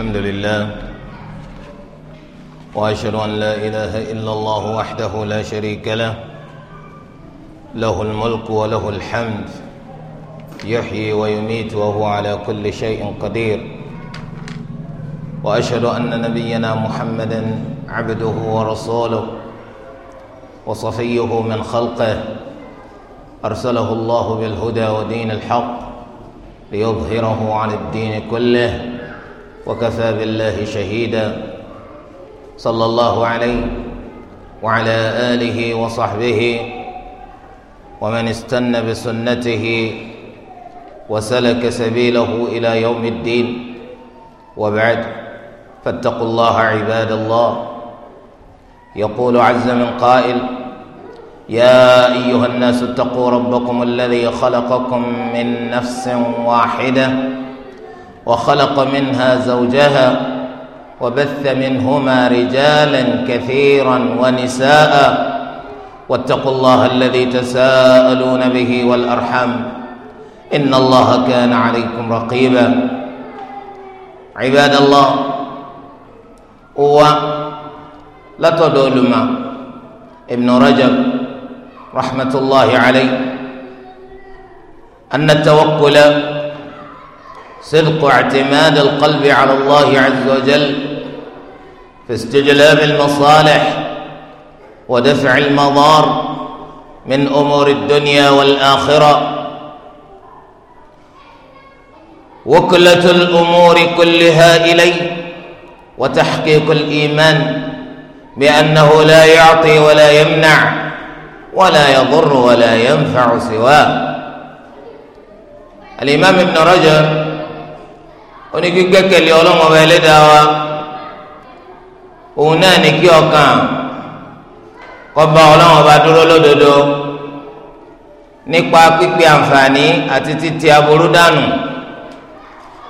الحمد لله واشهد ان لا اله الا الله وحده لا شريك له له الملك وله الحمد يحيي ويميت وهو على كل شيء قدير واشهد ان نبينا محمدا عبده ورسوله وصفيه من خلقه ارسله الله بالهدى ودين الحق ليظهره على الدين كله وكفى بالله شهيدا صلى الله عليه وعلى آله وصحبه ومن استنى بسنته وسلك سبيله إلى يوم الدين وبعد فاتقوا الله عباد الله يقول عز من قائل يا أيها الناس اتقوا ربكم الذي خلقكم من نفس واحدة وخلق منها زوجها وبث منهما رجالا كثيرا ونساء واتقوا الله الذي تساءلون به والارحام ان الله كان عليكم رقيبا عباد الله هو لا تدول ابن رجب رحمه الله عليه ان التوكل صدق اعتماد القلب على الله عز وجل في استجلاب المصالح ودفع المضار من امور الدنيا والاخره وكله الامور كلها اليه وتحقيق الايمان بانه لا يعطي ولا يمنع ولا يضر ولا ينفع سواه الامام ابن رجب onígbígbẹ́kẹ̀lé ọlọ́run ọba ẹlẹ́dàá wa òun náà ní kí ọkàn kọba ọlọ́run ọba dúró lódodo nípa pípé àǹfààní àti títí aburú dànù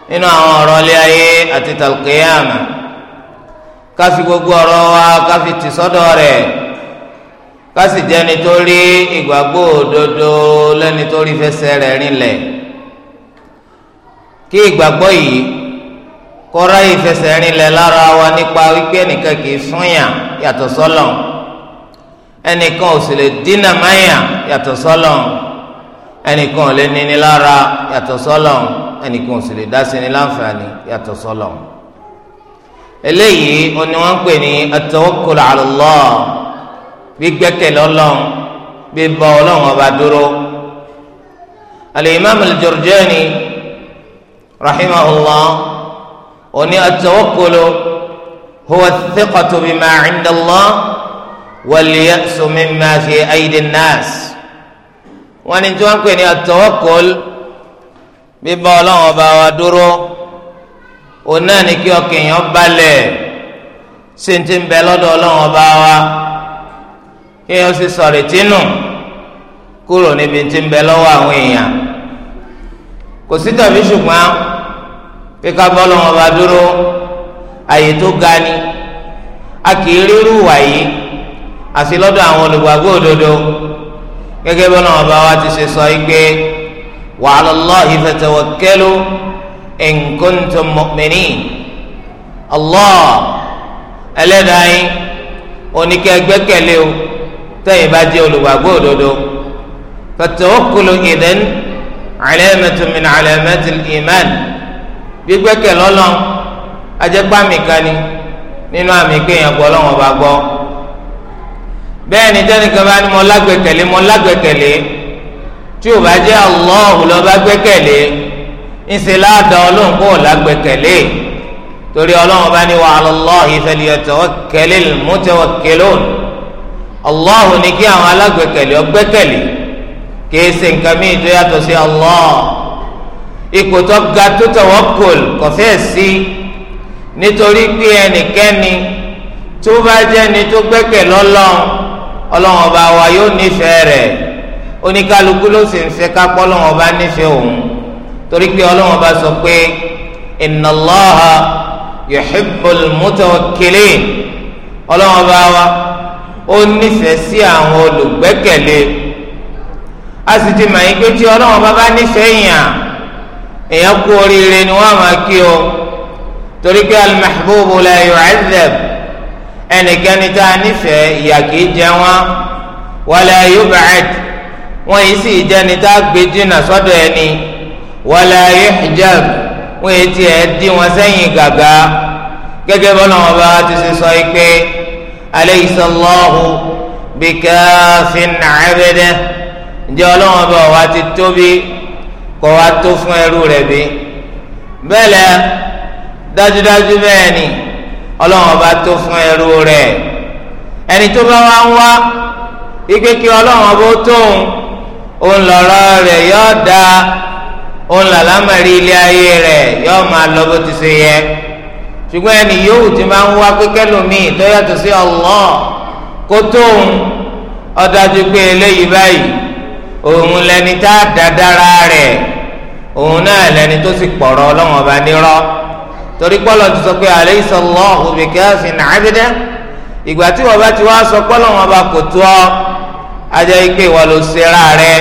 nínú àwọn ọ̀rọ̀ ilé ayé àti tàlùkìyàmù káfi gbogbo ọ̀rọ̀ wa káfi tì sọ́dọ̀ rẹ̀ kásì jẹ́ni tó rí ìgbàgbọ́ òdodo lẹ́ni tó rí fẹsẹ̀ rẹ̀ rinlẹ̀ kí ìgbàgbọ́ yìí kọ́ra ìfẹsẹ̀rin lẹ̀ lára wa nípa wípé ẹnìkan kì í súnyà yàtọ̀ sọ́lọ̀ ẹnìkan ò sì lè dínà máyà yàtọ̀ sọ́lọ̀ ẹnìkan ò lè níní lára yàtọ̀ sọ́lọ̀ ẹnìkan ò sì lè dá sí ní láǹfààní yàtọ̀ sọ́lọ̀ eléyìí ni wọ́n ń pè ní at-tawakkul 'ala Ọlọ́run bíbọ Ọlọ́run ọba dúró al-Imam al-Jurjani rahimahullah oní at-tawakkulu huwa ath-thiqatu bima 'inda Allah wal-ya'su mimma fi aydi an-nas wọ́n ní tí wọ́n ń pè ní at-tawakkul bíbá ọlọ́run ọba wa dúró òun náà ní kí ọkàn èèyàn balẹ̀ ṣe ń ti bẹ lọ́dọ̀ ọlọ́run ọba wa kí èèyàn sì sọ̀rọ̀ tínú kúrò níbi tí ń bẹ lọ́wọ́ àwọn èèyàn kò sí tàbí ṣùgbọ́n kíkà bọ́ọ̀lù wọn bá dúró àyè tó ga ni a kì í rírú wàyí àti lọ́dọ̀ àwọn olùgbàgbọ́ òdodo gẹ́gẹ́ bọ́ọ̀lù wọn bá wa ti ṣe sọ yìí pé wa 'ala Allahi fatawakkalu in Allah ẹlẹ́dàá yín oníkẹ́ o tẹ́yìn bá jẹ́ olùgbàgbọ́ òdodo fatawakkulu idhan 'alamatun min 'alamatil iman gbígbẹ́kẹ̀ lọ́lọ́n ajẹ́pàmì kan ni nínú àmì kéèyàn gbọ́ lọ́wọ́n bá gbọ́ bẹ́ẹ̀ ni tẹ́nìkan bá ní mo lágbẹ́kẹ̀lé mo lágbẹ́kẹ̀lé tí o bá jẹ́ Allah ló bá gbẹ́kẹ̀lé ńṣe ládàá ọlọ́run kó o lágbẹ́kẹ̀lé torí ọlọ́run bá ní wa ala Allahi falyatawakkalil mutawakkilun Allah ní kí àwọn alágbẹ́kẹ̀lé ó gbẹ́kẹ̀lé kì ṣe nǹkan mìíràn tó yàtọ̀ sí Allah ipò tó ga tó tawakkul kò fẹ́ sí nítorí pé ẹnikẹ́ni tó bá jẹ́ni tó gbẹ́kẹ̀ lọ́lọ́run ọlọ́run ọba wa yóò nífẹ̀ẹ́ rẹ̀ oníkálukú ló sì ń fẹ́ kápọ́ ọlọ́run ọba nífẹ̀ẹ́ òun torí pé ọlọ́run ọba sọ pé inna Allaha yuhibbul mutawakkilin ọlọ́run ọba wa ó nífẹ̀ẹ́ sí àwọn olùgbẹ́kẹ̀lé a sì ti mọ̀ yín pé tí ọlọ́run ọba bá nífẹ̀ẹ́ yàn èèyàn kú oríire ni wọ́n máa kí o torí pé al-mahbub la yu'adhab ẹnikẹ́ni tá a nífẹ̀ẹ́ ìyà kìí jẹ wọ́n wala yub'ad wọ́n yìí sì jẹ́ni tá a gbé jìnnà sọ́dọ̀ ẹni wala yuhjab wọ́n yìí tiẹ̀ dín wọn sẹ́yìn gàgà gẹ́gẹ́ bọ́lá wọn bá ti ṣe sọ yìí pé alaysa Allahu bikafin 'abdahu ǹjẹ́ ọlọ́wọ́n bá wa ti tóbi kọ́ wa tó fún ẹrú rẹ̀ bí bẹ́ẹ̀ lẹ́ dájúdájú bẹ́ẹ̀ ni ọlọ́run ọba tó fún ẹrú rẹ̀ ẹni tó bá wá ń wá ike kí ọlọ́run ọba ó tóun òun lọ̀rọ̀ rẹ̀ yóò da òun làlámẹ̀rí ilé ayé rẹ̀ yóò máa lọ bó ti ṣe yẹ ṣùgbọ́n ẹni yòówù ti máa ń wá pẹ́kẹ́ lómii tó yàtọ̀ sí Allah kó tóun ó pé eléyìí báyìí òun lẹni tá a dàdára rẹ̀ òun náà lẹni tó sì pọ̀rọ̀ ọlọ́wọ́n ọba nírọ́ torí pọ́lọ̀ ti sọ pé alaysa Allahu bikaafin abdah ìgbà tí wọ́n bá ti wá sọ pọ́lọ̀ wọn bá kò tó ọ́ ajá ike ìwà ló ṣe ra rẹ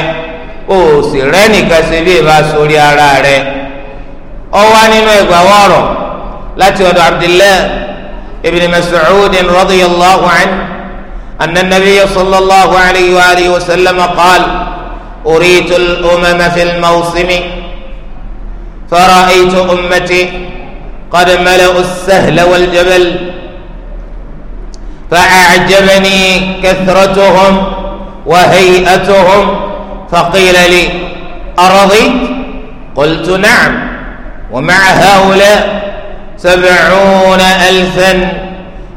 o sì rẹ́ nìkan ṣe bí ìbá sórí ara rẹ ọ nínú ẹgbà wọ̀rọ̀ láti ọ̀dọ̀ Abdullah ibn Mas'ud radiyallahu anhu anna nabiyya sallallahu alayhi wa alihi wa أريت الأمم في الموسم فرأيت أمتي قد ملأوا السهل والجبل فأعجبني كثرتهم وهيئتهم فقيل لي أرضيت قلت نعم ومع هؤلاء سبعون ألفا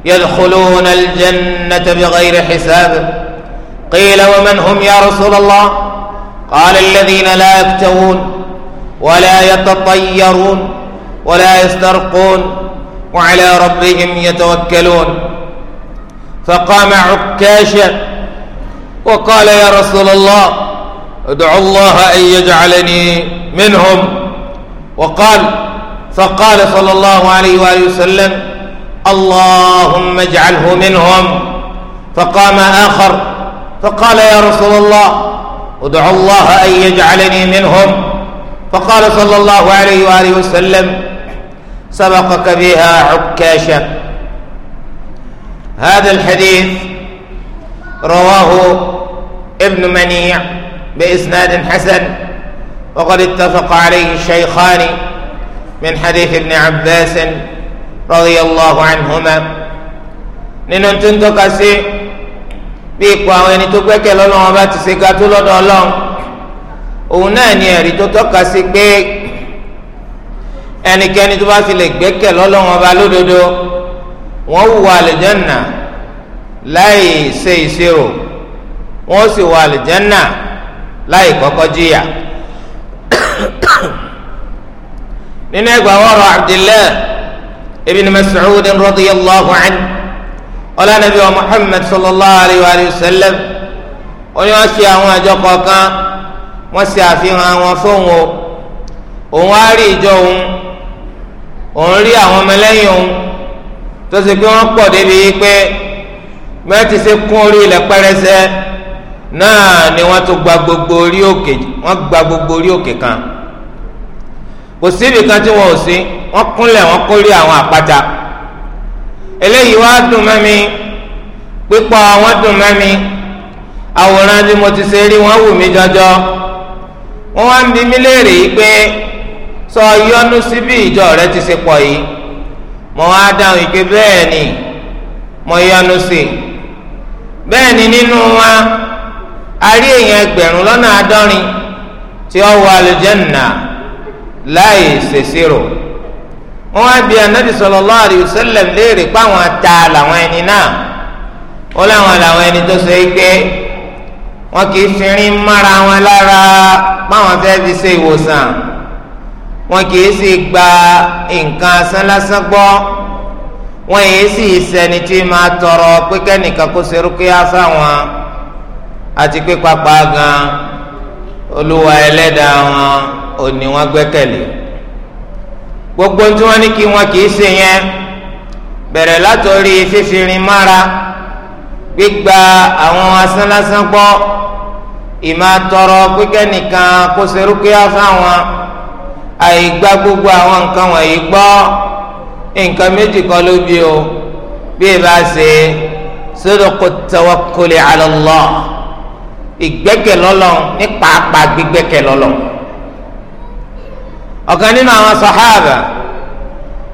يدخلون الجنة بغير حساب قيل ومن هم يا رسول الله قال الذين لا يكتوون ولا يتطيرون ولا يسترقون وعلى ربهم يتوكلون فقام عكاشا وقال يا رسول الله ادعو الله أن يجعلني منهم وقال فقال صلى الله عليه وآله وسلم اللهم اجعله منهم فقام آخر فقال يا رسول الله ادعوا الله أن يجعلني منهم فقال صلى الله عليه وآله وسلم سبقك بها عكاشة هذا الحديث رواه ابن منيع بإسناد حسن وقد اتفق عليه الشيخان من حديث ابن عباس رضي الله عنهما ننتن تكسي bí ipò àwọn ẹni tó gbẹ́kẹ̀ lọ́lọ́run bá ti ṣe ga tó lọ́dọ̀ ọlọ́run òun náà ni ẹ̀rí tó tọ́ka sí pé ẹnikẹ́ni tó bá fi lè gbẹ́kẹ̀ lọ́lọ́run ọba lódodo wọ́n wùwà àlùjànnà láì ṣe ìṣirò wọ́n sì wà àlùjànnà láì kọ́kọ́ jìyà. nínú ẹgbàá wọ́rọ̀ Abdullah ibn Mas'ud radiyallahu anhu ọlànàbí wa Muhammad sallallahu alayhi wa sallam oní wọn ṣe àwọn àjọ kọ̀ọ̀kan wọn ṣe àfihàn wọn fóun o òun á rí ìjọ òun òun rí àwọn ọmọlẹ́yìn òun tó ṣe pé wọ́n pọ̀ débi pé bẹ́ẹ̀ ti ṣe kún orí ilẹ̀ pẹ́rẹsẹ náà ni wọ́n tún gba gbogbo orí òkè wọ́n gba gbogbo orí òkè kan kò síbi kan tí wọn ò sí wọ́n kúnlẹ̀ wọ́n kórè àwọn àpáta eléyìí wá dùn mọ́ mi pípọ̀ wọn dùn mọ́ mi àwòrán bí mo ti ṣe rí wọn wù mí jọjọ wọn wá ń bi mí léèrè yìí pé sọ yọnu sí bí ìjọ rẹ ti ṣe pọ̀ yìí mo wá dáhùn ike bẹ́ẹ̀ ni mo yọnu sí bẹ́ẹ̀ ni nínú wa a rí èèyàn ẹgbẹ̀rún lọ́nà àádọ́rin tí ó wọ àlùjànnà láì ṣèṣirò wọn á bi anabi sallallahu alayhi wa sallam léèrè páwọn ata làwọn ẹni náà ó láwọn làwọn ẹni tó so pé wọn kì í fìrín mára wọn lára páwọn fẹ́ fi ṣe ìwòsàn wọn kì í sì gba nǹkan asán lásán gbọ́ wọn yìí sì sẹni tí máa tọrọ pé kẹ́nìkan kó ṣe rúkúyà fáwọn àti pé pàápàá gan olúwa ẹlẹ́dàá wọn ò ní wọn gbẹ́kẹ̀lé gbogbo tí wọ́n ní kí wọn kì í ṣe yẹn bẹ̀rẹ̀ látọ̀rí fífìrín mára gbígba àwọn asán lásán gbọ́ ìmọ̀ tọrọ pípẹ́ nìkan kó serúkúyà fáwọn àìgbá gbogbo àwọn nǹkan wọ̀nyí gbọ́ nǹkan méjì kọ́ ló bí o bí ẹ bá sódòkò tawakkuli ala Allah ìgbẹ́kẹ̀lọ́lọ́ ní pàápàá gbígbẹ́kẹ̀lọ́lọ́ ọ̀kan nínú àwọn sàhábà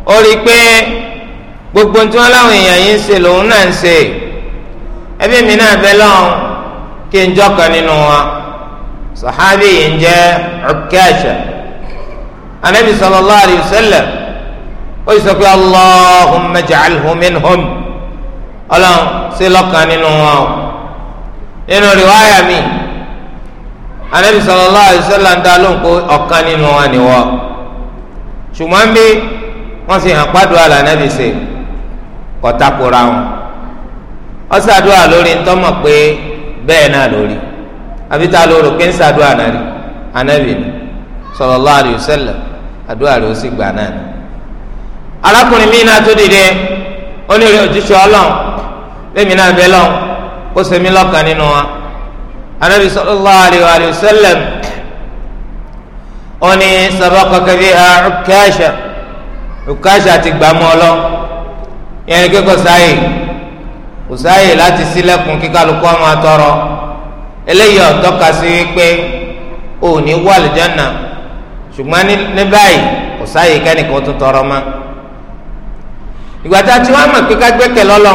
ó rí i pé gbogbo tí wọ́n láwọn èèyàn yìí ń ṣe lòun náà ń ṣe ẹbí mi náà bẹ lọ́hùn kí n jọ́kan nínú wọn sàhábì yìí ń jẹ́ Ukasha anabi sallallahu alayhi wa sallam ó sọ pé allahumma ja'alhu minhum ọlọ́run ṣe lọ́kan nínú wọn nínú rìwáyà mi anabi sallallahu alaihi wasallam ń dá lóhùn pé ọ̀kan nínú wọn ni wọ́n ṣùgbọ́n bí wọ́n fi hàn pàdùn àlà anabi ṣe kọ́tàkùrà wọn ó ṣàdúrà lórí ntọ́mọ̀ pé bẹ́ẹ̀ náà lórí àbí tá a lórí pé ń ṣàdúrà náà rí anabi ni sallallahu alaihi wasallam àdúrà rẹ̀ ó sì gbà náà ni. arákùnrin mi náà tó dìde ó ní ojúṣe ọlọ́run lèmi náà bẹ́ lọ́run ó ṣe mí lọ́kan nínú wọn anabi sallallahu alayhi wa sallam ó ní sabaqaka biha Ukasha Ukasha ti gbà mọ́ lọ yẹn kí kò sáyè kò sáyè láti sílẹ̀kùn kíkálukú ọmọ àtọrọ eléyìí ọ̀tọ́ka sí wípé o ò ní wà lìjọ́nà ṣùgbọ́n ní báyìí kò sáyè kẹ́nìkan tó tọrọ mọ́ ìgbà tá a ti pé ká lọ́lọ́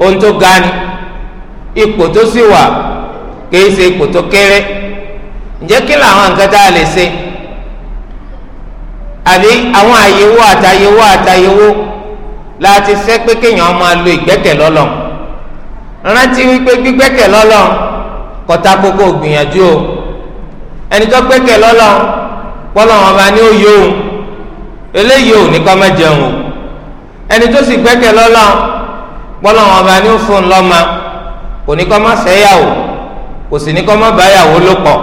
ohun tó ga ni ipò tó sì wà kìí ṣe ipò tó kéré ǹjẹ́ kí làwọn nǹkan tá a lè ṣe àbí àwọn àyẹ̀wò àtàyẹ̀wò àtàyẹ̀wò láti fẹ́ pé kéèyàn máa lo ìgbẹ́kẹ̀ lọ́lọ́n rántí wípé gbígbẹ́kẹ̀ lọ́lọ́n kọ́tà kókó gbìyànjú o ẹni tó gbẹ́kẹ̀ lọ́lọ́n pọ́lọ́wọ́n bá ní òye òun eléyìí ò ní kọ́ mẹ́jẹun o ẹni tó sì gbẹ́kẹ̀ lọ́lọ́n pọ́lọ́wọ́n bá ní òfin lọ́mọ kò ní kọ́ mọ́ sẹ́yà o kò sì ní kọ́ mọ́ báyàwó ló pọ̀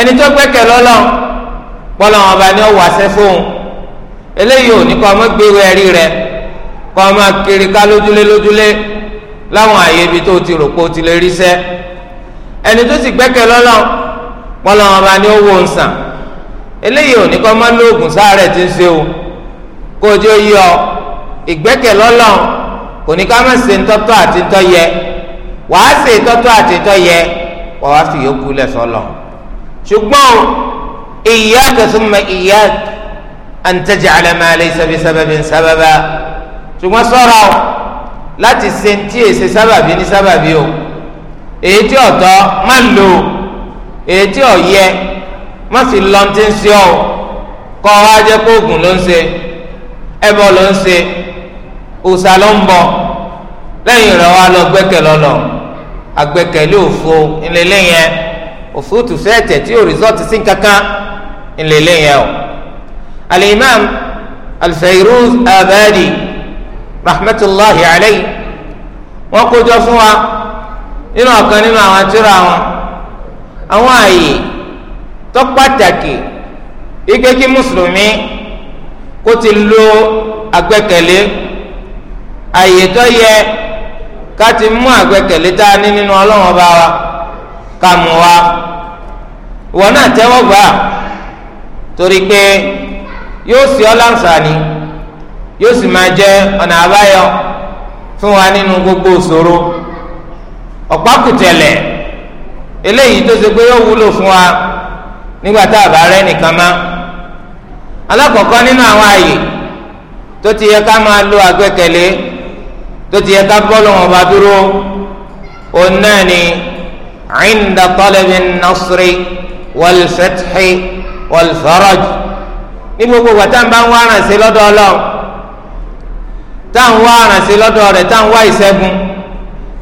ẹni tó gbẹ́kẹ̀ lọ́lọ́ pọ́lọ́ wọn bá ní ọ̀wọ́ àṣẹ fóun eléyìí ò ní kọ́ mọ́ gbèrú ẹ̀rí rẹ kọ́ mọ́ kiri ká lójúlé lójúlé láwọn àyè ibi tó ti rò pé o ti lè rí sẹ́ ẹni tó sì gbẹ́kẹ̀ lọ́lọ́ pọ́lọ́ wọn bá ní ọ̀wọ́ nsàn eléyìí ò ní kọ́ mọ́ lóògùn sáárẹ̀ tí ń ṣe o kó o jẹ́ yọ ìgbẹ́kẹ̀ lọ́lọ́ kò ní ká má ṣe ń àti ń yẹ wàá ṣe ìtọ́tọ́ àti ìtọ́ yẹ wàá wá fi yòókù lẹ̀ sọ́lọ̀ ṣùgbọ́n iyyaka thumma iyyaka an taj'ala ma laysa bi sababin sababa ṣùgbọ́n sọ́ra o láti ṣe tí èsè sábàbí ní sábàbí o èyí tí ọ̀tọ́ má lò èyí tí ọ̀yẹ má fi lọ ti ń ṣe ọ́ kọ́ ọ wá jẹ́ oògùn ló ń ṣe ẹbọ ló ń ṣe òòṣà ló ń bọ lẹ́yìn rẹ̀ wá lọ gbẹ́kẹ̀ lọ́lọ́ọ̀ agbẹ́kẹ̀lé òfo ńlẹlẹ yẹn òfo tù fẹ tẹ tí o rìsọọtì sí kankan ńlẹlẹ yẹn o alimam alfairuz abadi rahmatulahi alayhi wọn kójọ fún wa nínú ọ̀kan nínú àwọn àtúrà wọn àwọn àyè tó pàtàkì mùsùlùmí kó ti lo agbẹ́kẹ̀lé àyè tó yẹ. ká ti mú àgbẹ́kẹ̀lé tá a ní nínú ọlọ́wọ́n ọba wa ká mú wa ìwọ náà tẹ́wọ́ gbà torí pé yóò sì ọ́ láǹfààní yóò sì máa jẹ́ ọ̀nà àbáyọ fún wa nínú gbogbo ìṣòro ọ̀pákùtẹ̀lẹ̀ eléyìí tó ṣe pé yóò wúlò fún wa nígbà tá a bá rẹ́ nìkan má alákọ̀ọ́kọ́ nínú àwọn àyè tó ti yẹ ká máa lo àgbẹ́kẹ̀lé. tó ti yẹ ká bọ́ọ̀lù wọn bá dúró òun náà ni inda talabi nasri wal fathi wal faraj ní gbogbo ìgbà tá à ń bá ń wá arànṣẹ́ lọ́dọ̀ ọlọ́run tá à ń wá arànṣẹ́ lọ́dọ̀ rẹ̀ tá à wá ìṣẹ́gun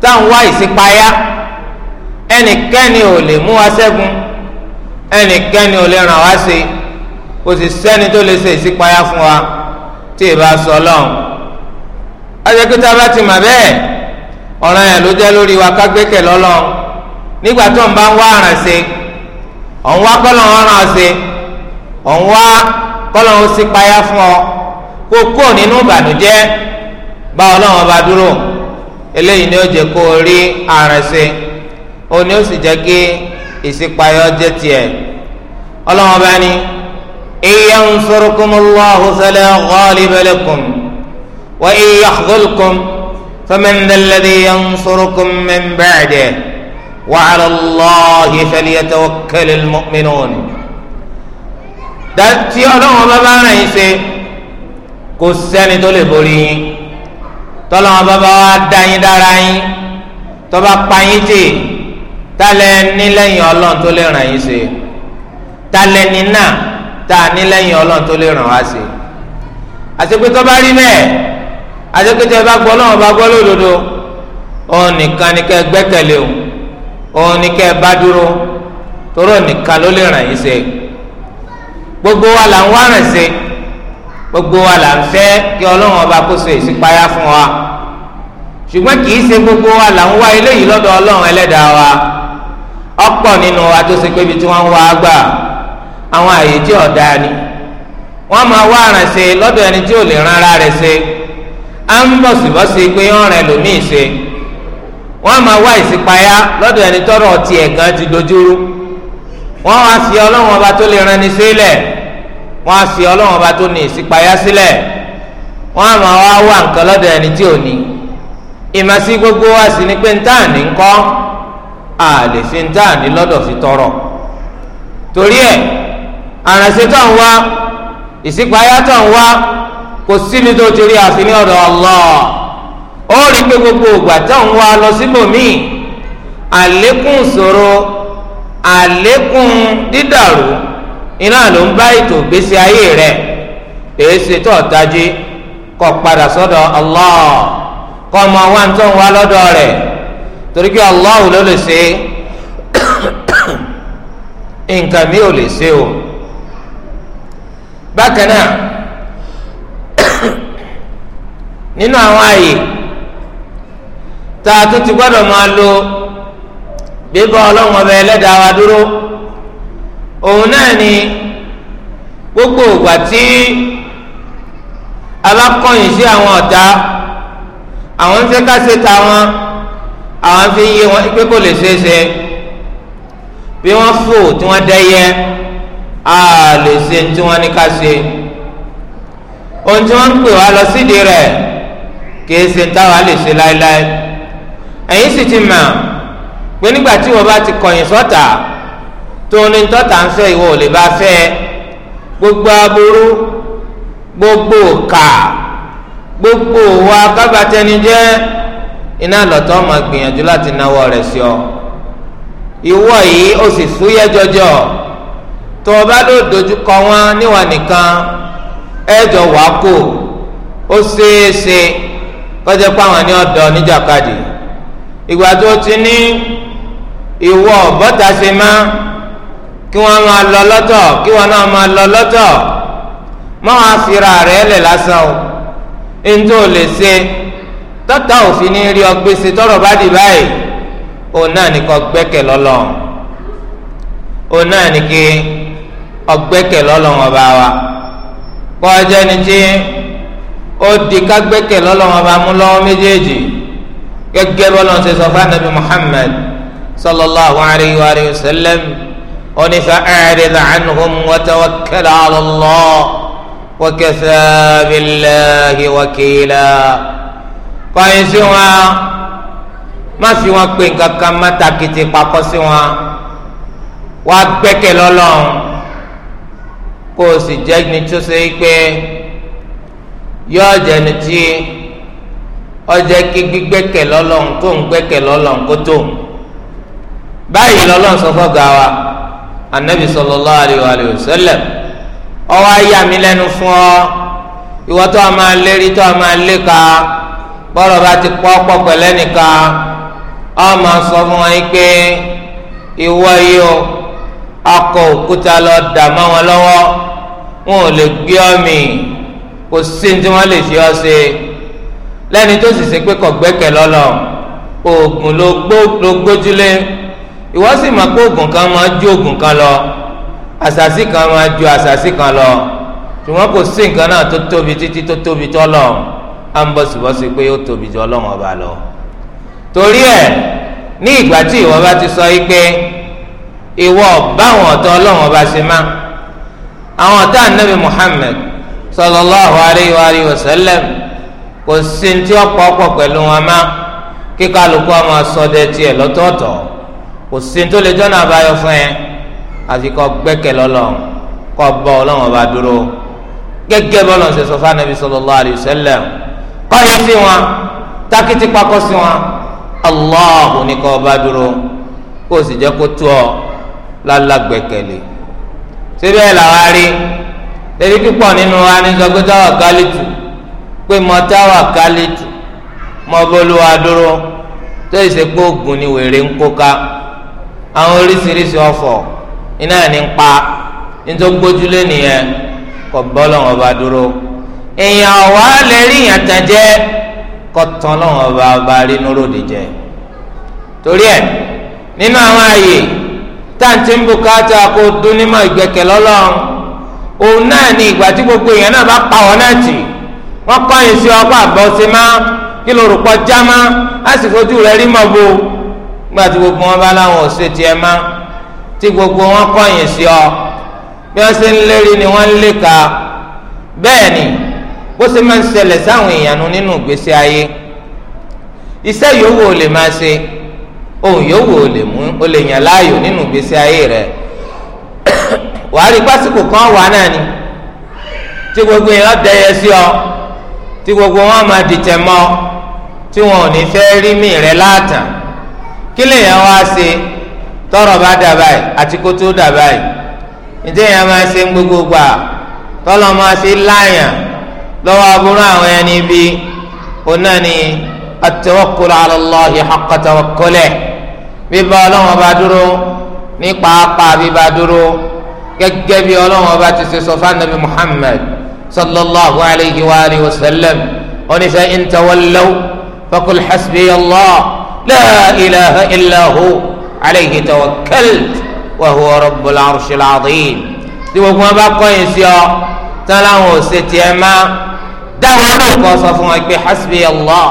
tá à wá ìṣípayá ẹnikẹ́ni ò lè mú wa ṣẹ́gun ẹnikẹ́ni ò lè ràn wá ṣe kò sì sẹ́ni tó lè ṣe ìṣípayá fún wa tí ì bá sọ ọlọ́run ajẹ́kítà bá ti mà bẹ́ẹ̀ ọ̀ràn yẹn ló jẹ́ lórí wa ká gbẹ́kẹ̀ lọ́lọ́ nígbà tó ń bá ń wá àrànṣe ọ̀n wá kọ́lọ̀ ọ̀ràn ọ̀ṣe ọ̀n wá kọ́lọ̀ ó sì payá fún ọ kó kó nínú ìbànújẹ́ bá ọlọ́run ọba dúró eléyìí ni ó jẹ́ kó o rí àrànṣe ó ní ó sì jẹ́ kí ìsìpayọ́ jẹ́ tiẹ̀ ọlọ́run ọba ni iyansurukumullahu fala ghaliba lakum wa in yakhdhulkum faman dhalladhi yansurukum min ba'dihi wa 'ala Allahi falyatawakkalil mu'minun dàtí ọlọ́run bá bá rìn yín ṣe kò sẹ́ni tó lè borí yín tọ́lọ́run bá bá wá dá yín dára yín tọ́ba pa yín tì tálẹ̀ ní ọlọ́run tó lè ràn yín ṣe tálẹ̀ ní náà tá ọlọ́run tó lè ràn wá ṣe àti pé tọ́ba rí bẹ́ẹ̀ àjẹkẹtẹ bá gbọ́ lọ́wọ́ bá gbọ́ lódodo òun nìkan ni kẹ́ gbẹ́kẹ̀lé o òun ni kẹ́ bá dúró toró nìkan ló lè ràn yín ṣe gbogbo wa là ń wá rìn ṣe gbogbo wa là ń fẹ́ kí ọlọ́run ọba kó so ìṣípayá fún wa ṣùgbọ́n kì í ṣe gbogbo wa là ń wá eléyìí lọ́dọ̀ ọlọ́run ẹlẹ́dàá wa ọ̀pọ̀ nínú wa tó ṣe pé ibi tí wọ́n ń wá gbà àwọn àyè tí ọ̀dà ni wọ́n máa wá rìn ṣe lọ́dọ̀ ẹni tí ò lè rán ara rẹ̀ ṣe à ń bọ̀sibọ́sí pé ọ̀ràn ẹlòmíì ṣe wọ́n á máa wá ìṣípayá lọ́dọ̀ ẹni tọ́rọ̀ ọtí ẹ̀gán ti dojúrú wọ́n á fi ọlọ́run ọba tó lè ran ni sílẹ̀ wọ́n á fi ọlọ́run ọba tó ní ìṣípayá sílẹ̀ wọ́n á máa wá wá nǹkan lọ́dọ̀ ẹni tí ò ní ìmọ̀sí gbogbo wa sì ni pé ń tà ní ńkọ́ à lè fi ń tà ní lọ́dọ̀ fi tọrọ torí ẹ̀ àrànṣe ń wá ìṣípayá tó ń wá kò síbi tó ti rí àfi ní ọ̀dọ̀ Allah ó rí pé gbogbo ògbà táwọn wa lọ síbòmíì àlékún ìṣòro àlékún dídàrú iná ló ń bá ètò ìgbésí ayé rẹ èyí ṣe tó ọ̀dájú kó padà sọ́dọ̀ Allah kó ọmọ wa ń tó ń wá lọ́dọ̀ rẹ̀ torí pé Allah ló lè ṣe nǹkan mi ò lè ṣe o bákan náà nínú àwọn àyè tá a tún ti gbọ́dọ̀ máa lo bíbá ọlọ́run ọba ẹlẹ́dàá wa dúró òun náà ni gbogbo ìgbà tí alákọ̀yìn sí àwọn ọ̀tá àwọn ń fẹ́ ká ṣe ta wọn àwọn fi yé wọn pé kò lè ṣeé bí wọ́n fò tí wọ́n dẹ́yẹ a lè ṣe tí wọ́n ní ká ṣe ohun tí wọ́n ń pè wá lọ sídìí rẹ̀ kìí ṣe táwa lè ṣe láéláé ẹ̀yin sì ti mọ̀ pé nígbà tí wọ́n bá ti kọ̀yìn sọ́tà tó ní tọ́tà ń fẹ́ ìwọ ò lè bá fẹ́ gbogbo aburú gbogbo kà gbogbo wa kábàtẹni jẹ́ iná lọ́tọ́ máa gbìyànjú láti náwó rẹ̀ sí ọ ìwọ yìí ó sì fúyẹ́ jọjọ tó o bá lò dojúkọ wọn níwà nìkan ẹ jọ wàá kó o ṣeé ṣe. Se kọjá pé àwọn ni ọdọ níjàkadì ìgbà tó ti ní ìwọ bọ́tà ṣe má kí wọ́n máa lọ lọ́tọ̀ kí wọ́n náà máa lọ lọ́tọ̀ mọ́ wá fira rẹ̀ lẹ̀ lásán o ntó lè ṣe tọ́tà òfin ní rí ọgbẹ́ ṣe tọrọ bá dì báyìí òun náà ní kó gbẹ́kẹ̀ lọ́lọ́ òun náà ní kí ọgbẹ́kẹ̀ lọ́lọ́ wọn bá wa kọ́ ni tí ó di kágbẹ́kẹ̀ lọ́lọ́wọ́n bá mú lọ́wọ́ méjèèjì gẹ́gẹ́ bọ́lọ́n ṣe sọ fún anabi muhammad sallallahu alayhi wa sallam oní fa'arid anhum wa tawakkal ala Allah wa kafa billahi wakila kọ́yìn sí wọn má fi wọn pé nǹkan kan má takìtì pakọ́ sí wọn wá gbẹ́kẹ̀ lọ́lọ́run kó o sì jẹ́ ní tó ṣe é pé yóò jẹ ní tí ọjẹ kí gbígbẹ́kẹ̀ lọ́lọ́run tó ń gbẹ́kẹ̀ lọ́lọ́run kó tó báyìí lọ́lọ́run sọ fọgà wa anabi sallallahu alayhi wa sallam ọwọ ayé mi lẹ́nu fún ọ ìwọ tó a máa lérí tó a máa lé ka bọ́rọ̀ bá ti pọ́ pọ̀ pẹ̀lẹ́ nìkan ọ máa sọ fún wọn pé ìwọ yìí o akọ òkúta lọ dà mọ́ wọn lọ́wọ́ wọn ò lè gbé ọ mìíràn kò sí ní tí wọ́n lè ṣe ọ́ ṣe lẹ́ni tó sì ṣe pé kò gbẹ́kẹ̀ lọ́lọ́ oògùn ló gbójúlé ìwọ sì mọ̀ pé oògùn kan máa ju oògùn kan lọ àṣàṣì kan máa ju àṣàṣì kan lọ ṣùgbọ́n kò sí nǹkan náà tó tóbi títí tó tóbi tọ́lọ̀ à ń bọ̀sibọ́sí pé ó tóbi jọ ọlọ́run ọba lọ torí ẹ̀ ní ìgbà tí ìwọ bá ti sọ pé ìwọ báwọn ọ̀tọ̀ ọlọ́run ọba ṣe má àwọn ọ̀tá ànábì Muhammad sallallahu alayhi wa alihi wa sallam kò sí ní tí ọ̀pọ̀ ọ̀pọ̀ pẹ̀lú wọn má kí kálukú ọmọ sọdẹ tiẹ̀ lọ́tọ̀ọ̀tọ̀ kò sí ní tó lè jọ́nà àbáyọ fún ẹ àti kọ́ gbẹ́kẹ̀ lọ́lọ́ kọ́ bọ́ ọlọ́wọ́n bá dúró gẹ́gẹ́ bọ́lọ̀ ṣe sọ fún anabi sallallahu alayhi wa sallam kọ́ yẹ sí wọn tákìtì pakọ́ sí wọn allahu ní kọ́ bá dúró kó sì jẹ́ kó tó ọ lálágbẹ̀kẹ̀lé síbẹ̀ làwọn ebi pípọ̀ nínú wa ní sọ pé táwa kálítù pé mọ táwa kálítù mọ bọ́lúwa dúró ni wèrè ń kóka àwọn oríṣiríṣi ọ̀fọ̀ iná ní ń pa nítorí nìyẹn kò ọba dúró èèyàn wà lè rí ìyàn jẹ́ tán ọba ọba rí jẹ́ torí ẹ̀ nínú àwọn ààyè táǹtí ń bùkátà kó dún nímọ̀ òun náà ni ìgbà tí gbogbo èèyàn náà bá pa ọ náà tì wọ́n kọ̀yìn sí ọkọ àbọ̀sẹ̀ má kí ló rò pọ̀ já má á sì fojú rẹ̀ rí mọ̀ bo gbà tí gbogbo wọn bá láwọn ò ṣe tiẹ̀ má tí gbogbo wọn kọ̀yìn sí ọ bí wọ́n ṣe ń lérí ni wọ́n ń léka bẹ́ẹ̀ ni bó ṣe máa ń ṣẹlẹ̀ sáwọn èèyàn nu nínú ìgbésí ayé iṣẹ́ yòówù ò lè máa ṣe ohun yòówù ò lè mú ó lè yàn láàyò nínú ìgbésí ayé rẹ̀ wàá rí pásíkò kan wà náà ni tí gbogbo yẹn ọ̀dẹ yẹ sí ọ tí gbogbo wọn máa dìtẹ̀ mọ́ tí wọn ò ní fẹ́ rí mi rẹ láàtàn kí lèèyàn wá ṣe tọrọ bá dà báyìí àti kó tó dà báyìí ǹjẹ́ yẹn máa ṣe gbogbo gbà tọ́lọ́ máa ṣe láàyàn lọ́wọ́ aburú àwọn ẹni bíi ọ̀nà ni at-tawakkul ala bíbá ọlọ́wọ́n bá dúró ní pàápàá bíbá dúró gẹ́gẹ́ bí Ọlọ́run ọba ti ṣe sọ fanabi Muhammad sallallahu alayhi wa alihi wa sallam onífẹ intawallaw fakul hasbi allah la ilaha illahu alayhi tawakkal wa huwa rabbul arshil azim tí gbogbo wọn bá kọ̀yìn sí ọ tán ò ṣe tiẹ̀ má dáwọn olóòkọ sọ fún wọn pé hasbi allah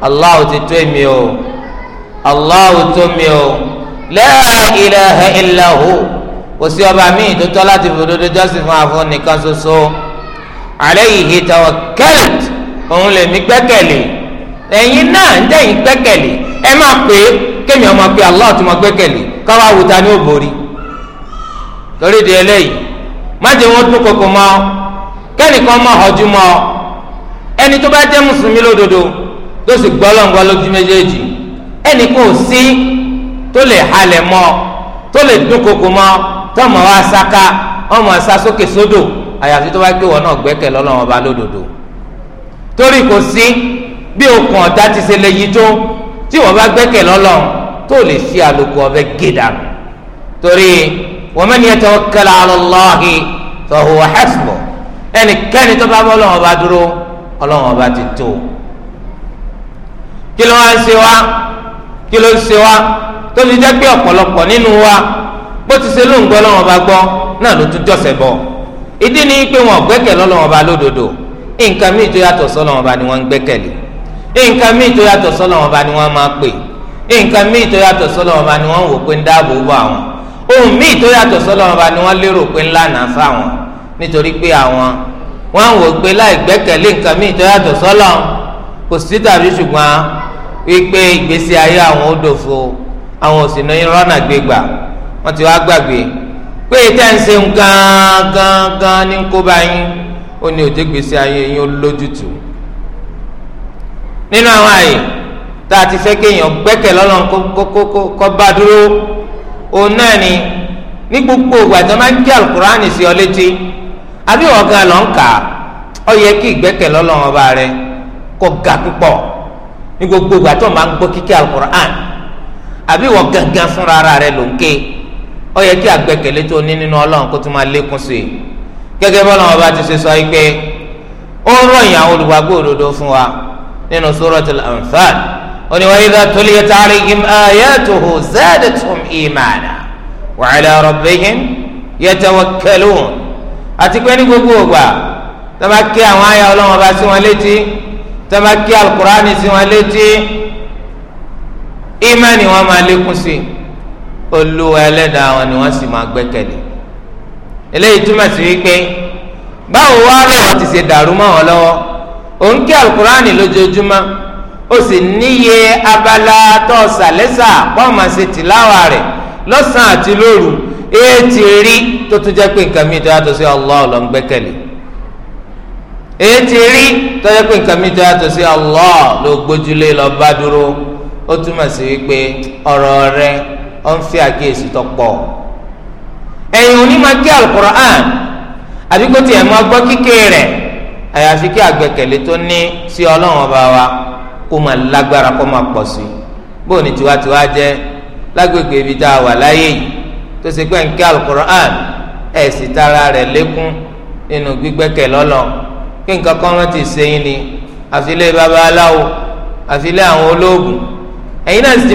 allah ò ti tó èmi o allah ò tó mi o la ilaha illahu kò sí ọba míì tó tọ́ láti fòdodo jọ́sìn fún àfún nìkan ṣoṣo alayhi tawakkalt òun lèmi gbẹ́kẹ̀lé ẹ̀yin náà ń dẹ̀yìn gbẹ́kẹ̀lé ẹ máa pè é kémi pé Allah tó máa gbẹ́kẹ̀lé káwá wò ta ni ó borí torí di eléyìí má jẹ́ wọ́n dún koko mọ́ kẹ́nìkan má họjú mọ́ ẹni tó bá jẹ́ mùsùlùmí lódodo tó sì gbọ́ lọ́ngbọ́ lójú méjèèjì ẹnì kò sí tó lè halẹ̀ mọ́ tó lè dún koko mọ́ tọmọ wa saka ọmọ wa sa sókè sódò àyàfi tó bá gbé wọn náà gbẹ́kẹ̀ lọ́lọ́run ọba lódodo torí kò sí bí okùn ọ̀tá ti ṣe lè yí tó tí wọn bá gbẹ́kẹ̀ lọ́lọ́run tó lè fi àlòkù ọbẹ gé dànù torí wa man yatawakkal ala Allahi fa huwa hasbuh tó bá bọ́ lọ́wọ́ dúró ọlọ́wọ́ bá ti tó kí ló ń ṣe wá kí ló ń ṣe wá tó ti jẹ́ pé ọ̀pọ̀lọpọ̀ nínú wa. bó ti ṣe ló ń gbọ́ lọ́wọ́ bá gbọ́ náà ló tún jọ́sẹ̀ bọ̀ ìdí ni pé wọn gbẹ́kẹ̀ lọ́lọ́wọ́ bá lódodo nǹkan míì tó yàtọ̀ sọ́lọ́wọ́ bá ni wọ́n ń gbẹ́kẹ̀lé nǹkan míì tó yàtọ̀ sọ́lọ́wọ́ bá ni wọ́n máa pè nǹkan míì tó yàtọ̀ sọ́lọ́wọ́ bá ni wọ́n wò pé ń dáàbò àwọn ohun míì wọ́n ti wá gbàgbé pé ìtẹ́ǹsẹ̀ gangan ní kó yín ó ní òjé ayé yín ó lójútùú nínú àwọn àyè tá a ti fẹ́ kéèyàn gbẹ́kẹ̀ lọ́lọ́run kó dúró náà ni ní gbogbo ìgbà tí wọ́n máa ń kí alukurani sí ọ létí àbí kà á yẹ kí ìgbẹ́kẹ̀ ọba rẹ ga púpọ̀ ní gbogbo tí wọ́n máa ń gbọ́ kíkẹ́ gangan fúnra ara rẹ ló ó yẹ kí àgbẹ́kẹ̀lé tó ní nínú Ọlọ́run kó tún máa lékún sí i gẹ́gẹ́ bọ́lá wọn bá ti ṣe sọ pé ó ròyìn àwọn olùgbàgbọ́ òdodo fún wa nínú Suratul Anfal ó ní wa idha tuliyat alayhim ayatuhu zadatuhum imana wa ala rabbihim yatawakkalun àti pé ní gbogbo ògbà tọ́ba kí àwọn ayé Ọlọ́run bá sí wọn létí tọ́ba kí alukur'ani sí wọn létí ìmánì wọn máa lékún sí i. olúwa ẹlẹ́dàá wọn ni wọ́n sì máa gbẹ́kẹ̀lé eléyìí túmọ̀ sí wípé báwo wá lọ́wọ́ ti ṣe dàrú mọ́ wọn lọ́wọ́ ò ń kí alukurani lójoojúmọ́ ó sì abala tó sàlẹ́sà pọ́ọ̀mà tìláwà rẹ̀ lọ́sàn-án àti lóru ètì rí tó tún jẹ́ pé nǹkan mi tó yàtọ̀ sí Allah ń gbẹ́kẹ̀lé rí tó jẹ́ pé nǹkan mi tó yàtọ̀ sí Allah ọ̀n fi àkíyèsí tó pọ̀ òní ma kí alukur'an àbí kó tiẹ̀ máa gbọ́ re. àyàfi kí àgbẹ̀kẹ̀lé tó ní sí ọlọ́run ọba wa kó máa lágbára kó máa pọ̀ sí bó tiwantiwa jẹ́ lágbègbè bi tá a wà láyé yìí tó ṣe pé nkí alukur'an sì tara rẹ̀ lékún nínú gbígbẹ́kẹ̀ lọ́lọ́ kí nǹkan ti ṣe yín ni babaláwo àwọn olóògùn náà sì ti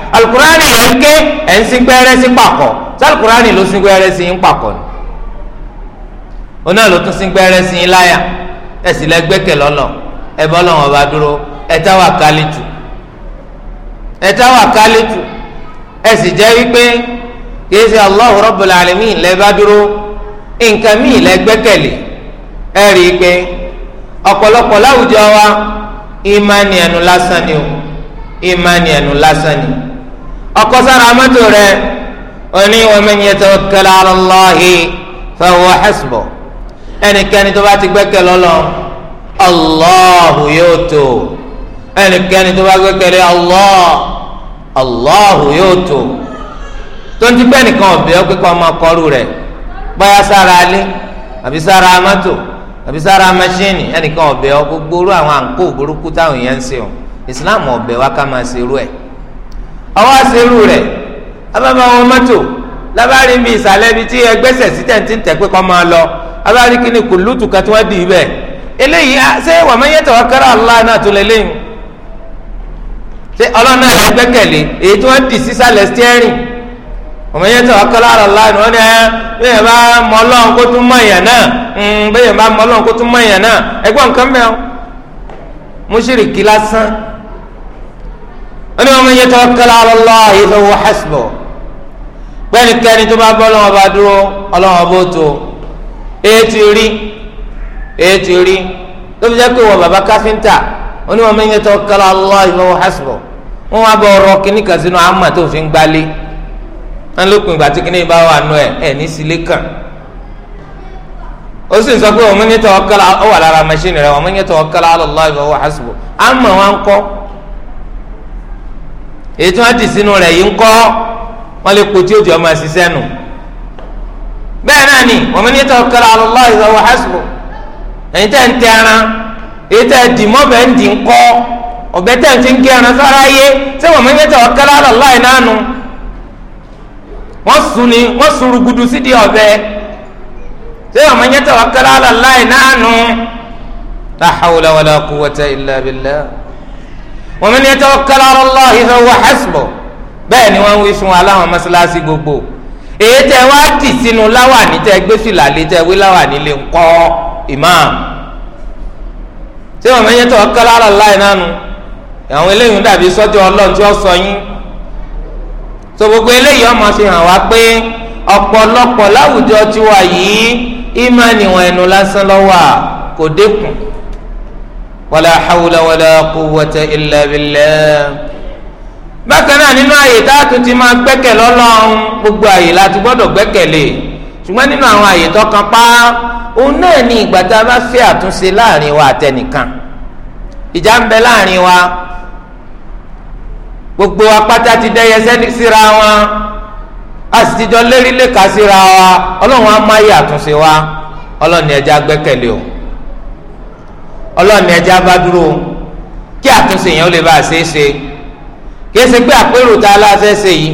alukurani lẹ ń ké ẹ ń sin pẹrẹ sí pàkọ sí alukurani ló sin pẹrẹ sí ń pàkọ ni oná ló tún sin pẹrẹ sí ń láyà ọba dúró ẹ táwa kálítù ẹ táwa kálítù ẹ sì wípé kìí ṣe dúró nǹkan ẹ rí i pé ọ̀pọ̀lọpọ̀ láwùjọ wa lásán ni o ìmánì lásán ni ọkọ sára mọ́tò rẹ oní waman yatawakkal ala Allahi fa huwa hasbuh ẹnikẹ́ni tó bá ti gbẹ́kẹ̀ lọ́lọ́ Allahu yóò tó ẹnikẹ́ni tó bá gbẹ́kẹ̀ lé Allah Allahu yóò tó tó ń ti pẹ́ nìkan ọ̀bẹ ọ́ pípa ọmọ akọ́rù rẹ̀ báyà sára alé àbí sára amátò àbí sára amáṣíìnì ẹnìkan ọ̀bẹ ọ́ gbogbo orú àwọn àǹkó burúkú táwọn èèyàn ń ṣe ọ́ ìsìláàmù ọ̀bẹ wa ká máa ṣe irú ẹ̀ ọwọ́ àṣírù rẹ̀ abáma wọn mọ́tò lábárí mi ìsàlẹ̀ ibi tí ẹgbẹ́sẹ̀ sí tẹ̀ǹtì tẹ̀ pé kọ́ máa lọ abárí kí ni kùlùtù kan tí wọ́n dì í bẹ̀ eléyìí ṣé wà máa yẹ tọ̀wọ́ kẹ́rọ Allah náà tó lé lẹ́yìn ṣé ọlọ́run náà gbẹ́kẹ̀lé èyí tí wọ́n dì sísàlẹ̀ stẹ́rìn ọmọ yẹn tẹ ọkọ lára láàánú ọ ní ẹ bẹyẹ bá mọ Ọlọ́run kó tún mọ èèyàn náà hmm, ó ní wa man yatawakkal ala Allahi fa huwa hasbuh pẹ́ẹ́nìkẹ́ni tó bá bọ́ lọ́wọ́ bá dúró ọlọ́wọ́ bó tó ètì rí ètì rí tó fi jẹ́ pé wọ́n bàbá káfíńtà ó ní wa man yatawakkal ala Allahi fa huwa hasbuh wọ́n wá bọ̀ ọ̀rọ̀ kíní kan sínú àmà tó fi ń gbálé wọn lópin ìgbà tí kíní bá wà nù ẹ̀ ẹ̀ ní sílé kàn ó sì ń sọ pé wa man yatawakkal ó wà lára mẹ́ṣíìnì rẹ̀ wa man yatawakkal ala Allahi àmà wọn kọ́ èyí tí wọ́n ti sínú rẹ̀ yìí ń kọ́ wọ́n lè kó tí ó di ọmọ ẹ̀sìsẹ́ nù bẹ́ẹ̀ náà ni wa man yatawakkal ala Allah fa huwa hasbuh ẹ̀yin tẹ́ ń tẹ ẹran èyí tẹ́ dì mọ́bẹ̀ ń dì ń kọ́ ọ̀bẹ ń fi ń gé ẹran sára yé ṣé wa man yatawakkal ala Allah nánu wọ́n sùn ni wọ́n sùn rúgudu sídìí ọ̀bẹ ṣé wa man yatawakkal ala Allah nánu la hawla wala quwwata illa billah. ومن يتوكل على الله Allah حسبه huwa hasbuh bẹ́ẹ̀ ni wọ́n ń wí fún wa láwọn mọ́ṣáláṣí gbogbo èyí tẹ wá dì sínú يتوكل على الله fìlà lé tẹ wí láwàní lè kọ́ ìmáàmù ṣé wa man yatawakkal ala Allah nánu àwọn eléyìí dàbí sọ́jọ́ ọlọ́run tí ó sọ yín tó gbogbo eléyìí ọmọ fi hàn wá pé ọ̀pọ̀lọpọ̀ láwùjọ tiwa yìí ìmánìwọ̀n ẹnu lásán ló wà kò dẹ́kun ولا حول ولا قوة إلا بالله. bákan náà nínú ààyè tá a tún ti máa gbẹ́kẹ̀ lọ́lọ́run gbogbo ààyè la ti gbọ́dọ̀ gbẹ́kẹ̀lé ṣùgbọ́n nínú àwọn ààyè tó kan pa òun náà ní ìgbà tá a bá fẹ́ àtúnṣe láàrin wa àtẹnìkan ìjà ń bẹ láàrin wa gbogbo apáta ti dẹyẹ síra wọn a sì ti jọ lérí lẹ́ka síra wa ọlọ́run á máa yẹ àtúnṣe wa ọlọ́run ni ẹja gbẹ́kẹ̀lé o ọlọ́ọ̀ni ẹja bá dúró kí àtúnṣe yẹn ó lè bá a ṣe é ṣe kìí ṣe pé àpérò tá a lá fẹ́ ṣe yìí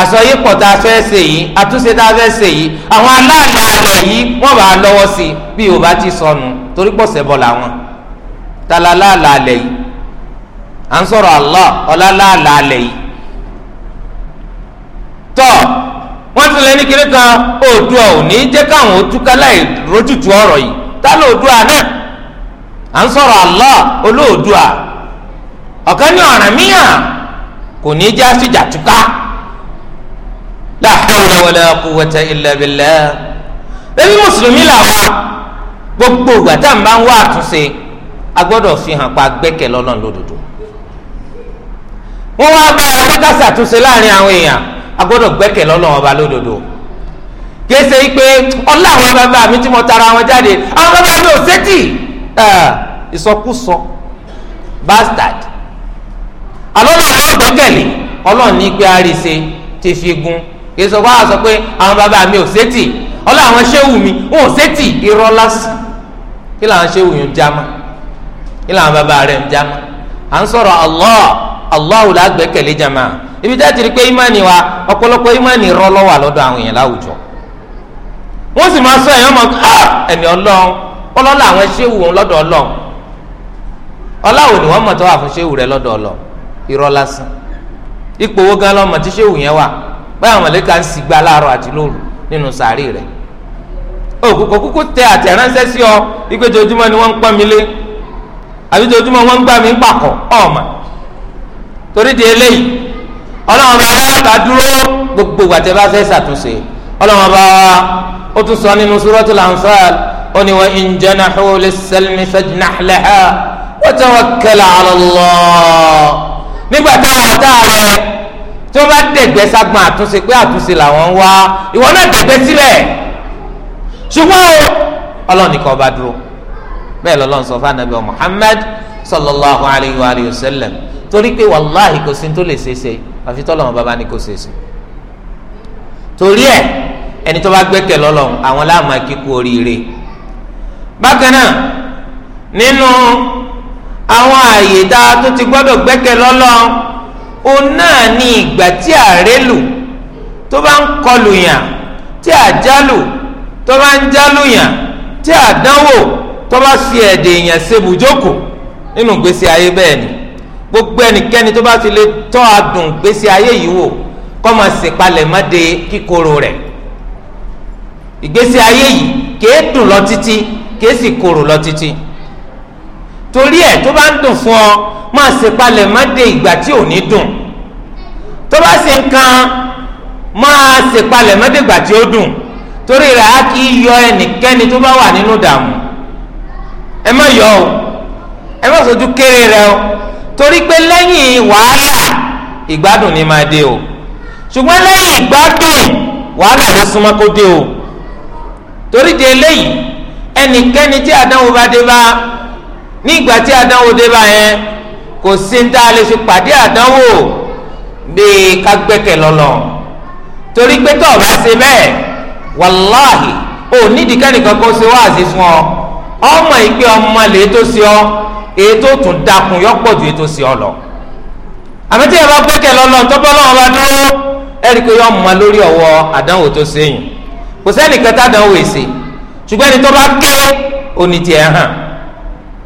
àsọyípọ̀ tá a fẹ́ ṣe yìí àtúnṣe tá a fẹ́ ṣe yìí àwọn aláàlá rẹ̀ yìí wọ́n bá a lọ́wọ́ sí i bí yorùbá ti sọnù torí pọ̀ sẹ́bọ̀ làwọn tala láàlá alẹ̀ yìí à ń sọ̀rọ̀ Allah ọ̀la láàlá alẹ̀ yìí tọ́ wọ́n ti lẹ́ni kiri kan òòdùọ̀ òní jẹ́ káwọn òtúkálá ìrójútu ọ̀rọ̀ yìí ta lóòdùà náà à ń sọ̀rọ̀ Allah olóòdùà ọ̀kan ní Ọ̀rànmíyàn kò ní já fìjà túká la hawla wala quwwata illa billah bẹ́ẹ̀ bí mùsùlùmí gbogbo ìgbà tá bá ń wá àtúnṣe a gbọ́dọ̀ fi hàn pa gbẹ́kẹ̀ lódodo kìí ṣe pé ọlá àwọn bàbá mi tí mo tara wọn jáde àwọn bàbá mi ò sétí ìsọkúsọ bastard alọ́nà àwọn ọ̀gbẹ́kẹ̀lé ọlọ́run ní pé àríṣe ti fi gun kìí sọ fún àwọn sọ pé àwọn bàbá mi ò sétí ọlọ́ àwọn ṣéwù mi ò sétí irọ́ lásán kí làwọn ṣéwù yẹn jámá kí làwọn bàbá rẹ̀ ń jámá à ń sọ̀rọ̀ Allah Allahu la gbẹ́kẹ̀lé jama ibi jáde rí pé ìmánì wa ọ̀pọ̀lọpọ̀ imani rọ́ lọ́wọ́ àlọ́dọ̀ àwọn èèyàn láwùjọ wọ́n sì máa sọ èèyàn mọ̀ ẹni ọlọ́run ọlọ́lá àwọn ṣéwù wọn lọ́dọ̀ ọlọ́run ọláwo ni mọ̀ tó wà fún ṣéwù rẹ lọ́dọ̀ ọlọ́run irọ́ lásán ipò owó gan tí ṣéwù yẹn wà báyà ń sì gba àti lóru nínú sàárì kúkú tẹ àtẹ̀ránṣẹ́ sí ọ ni wọ́n ń pọ́n mi lé àbí wọ́n ń pàkọ́ torí di eléyìí ọlọ́run bá gbogbo ó tún sọ nínú suratul Anfal ó ní wa in janahu lis-salmi fajnah laha wa tawakkal 'ala Allah nígbà táwọn ọ̀tá rẹ̀ tí wọ́n bá dẹ̀gbẹ́ sagbọn àtúnṣe pé àtúnṣe làwọn ń wá ìwọ náà dẹ̀gbẹ́ sílẹ̀ ṣùgbọ́n ọlọ́run nìkan ọba dúró bẹ́ẹ̀ lọ́lọ́run sọ fún anabi Muhammad sallallahu alayhi wa sallam torí pé wàláhì kò sí tó lè ṣeéṣe àfi tọ́lọ́run bàbá ni kò ṣeéṣe torí ẹ̀ ẹni tó bá gbẹ́kẹ̀ lọ́lọ́run àwọn láàmú akíkú oríire bákan náà nínú àwọn ààyè tá a tó ti gbọ́dọ̀ gbẹ́kẹ̀ lọ́lọ́run òun náà ní ìgbà tí àrélù tó bá ń kọlù yàn tí àjálù tó bá ń jálù yàn tí àdánwò tó bá fi ẹ̀dẹ̀ èèyàn ṣe bùjókòó nínú ìgbésí ayé bẹ́ẹ̀ ni gbogbo ẹnikẹ́ni tó bá ti lè tọ́ adùn ìgbésí ayé yìí wò kọ́ máa ṣèpalẹ̀ mọ́ kíkorò rẹ̀ ìgbésí ayé yìí kèé dùn lọ títí kèé sì korò lọ títí torí ẹ tó bá ń dùn fún ọ máa ṣe palẹ̀ má de ìgbà tí ò ní dùn tó bá ṣe nǹkan máa ṣe palẹ̀ má de ìgbà tí ó dùn torí rẹ̀ á kì í yọ ẹnikẹ́ni tó bá wà nínú dààmú ẹ má yọ o ẹ má sojú kéré rẹ o torí pé lẹ́yìn wàhálà ìgbádùn ni máa dé o ṣùgbọ́n lẹ́yìn ìgbádùn wàhálà ló súnmọ́ kó dé o torí di eléyìí ẹnikẹ́ni tí àdánwò bá dé bá ní ìgbà tí àdánwò dé bá yẹn kò sí ní tá a lè fi pàdé àdánwò bíi ká gbẹ́kẹ̀ lọ́lọ́ torí pé tó o bá ṣe bẹ́ẹ̀ wàláhì ò nídìí kẹ́nìkan kó ṣe wáàsí fún ọ ọmọ ìgbé ọmọ lè tó ṣe ọ èyí tó tún dakùn yọ ju èyí tó ṣe ọ lọ àmì tí ẹ bá gbẹ́kẹ̀ lọ́lọ́ tọ́pọ́ lọ́wọ́ bá dúró ẹ̀rí pé ọmọ lórí ọwọ́ àdánwò tó ṣe yìí kò sẹ́nìkan tá a dánwò èsè ṣùgbọ́n ẹni tó bá ké òní tiẹ̀ hàn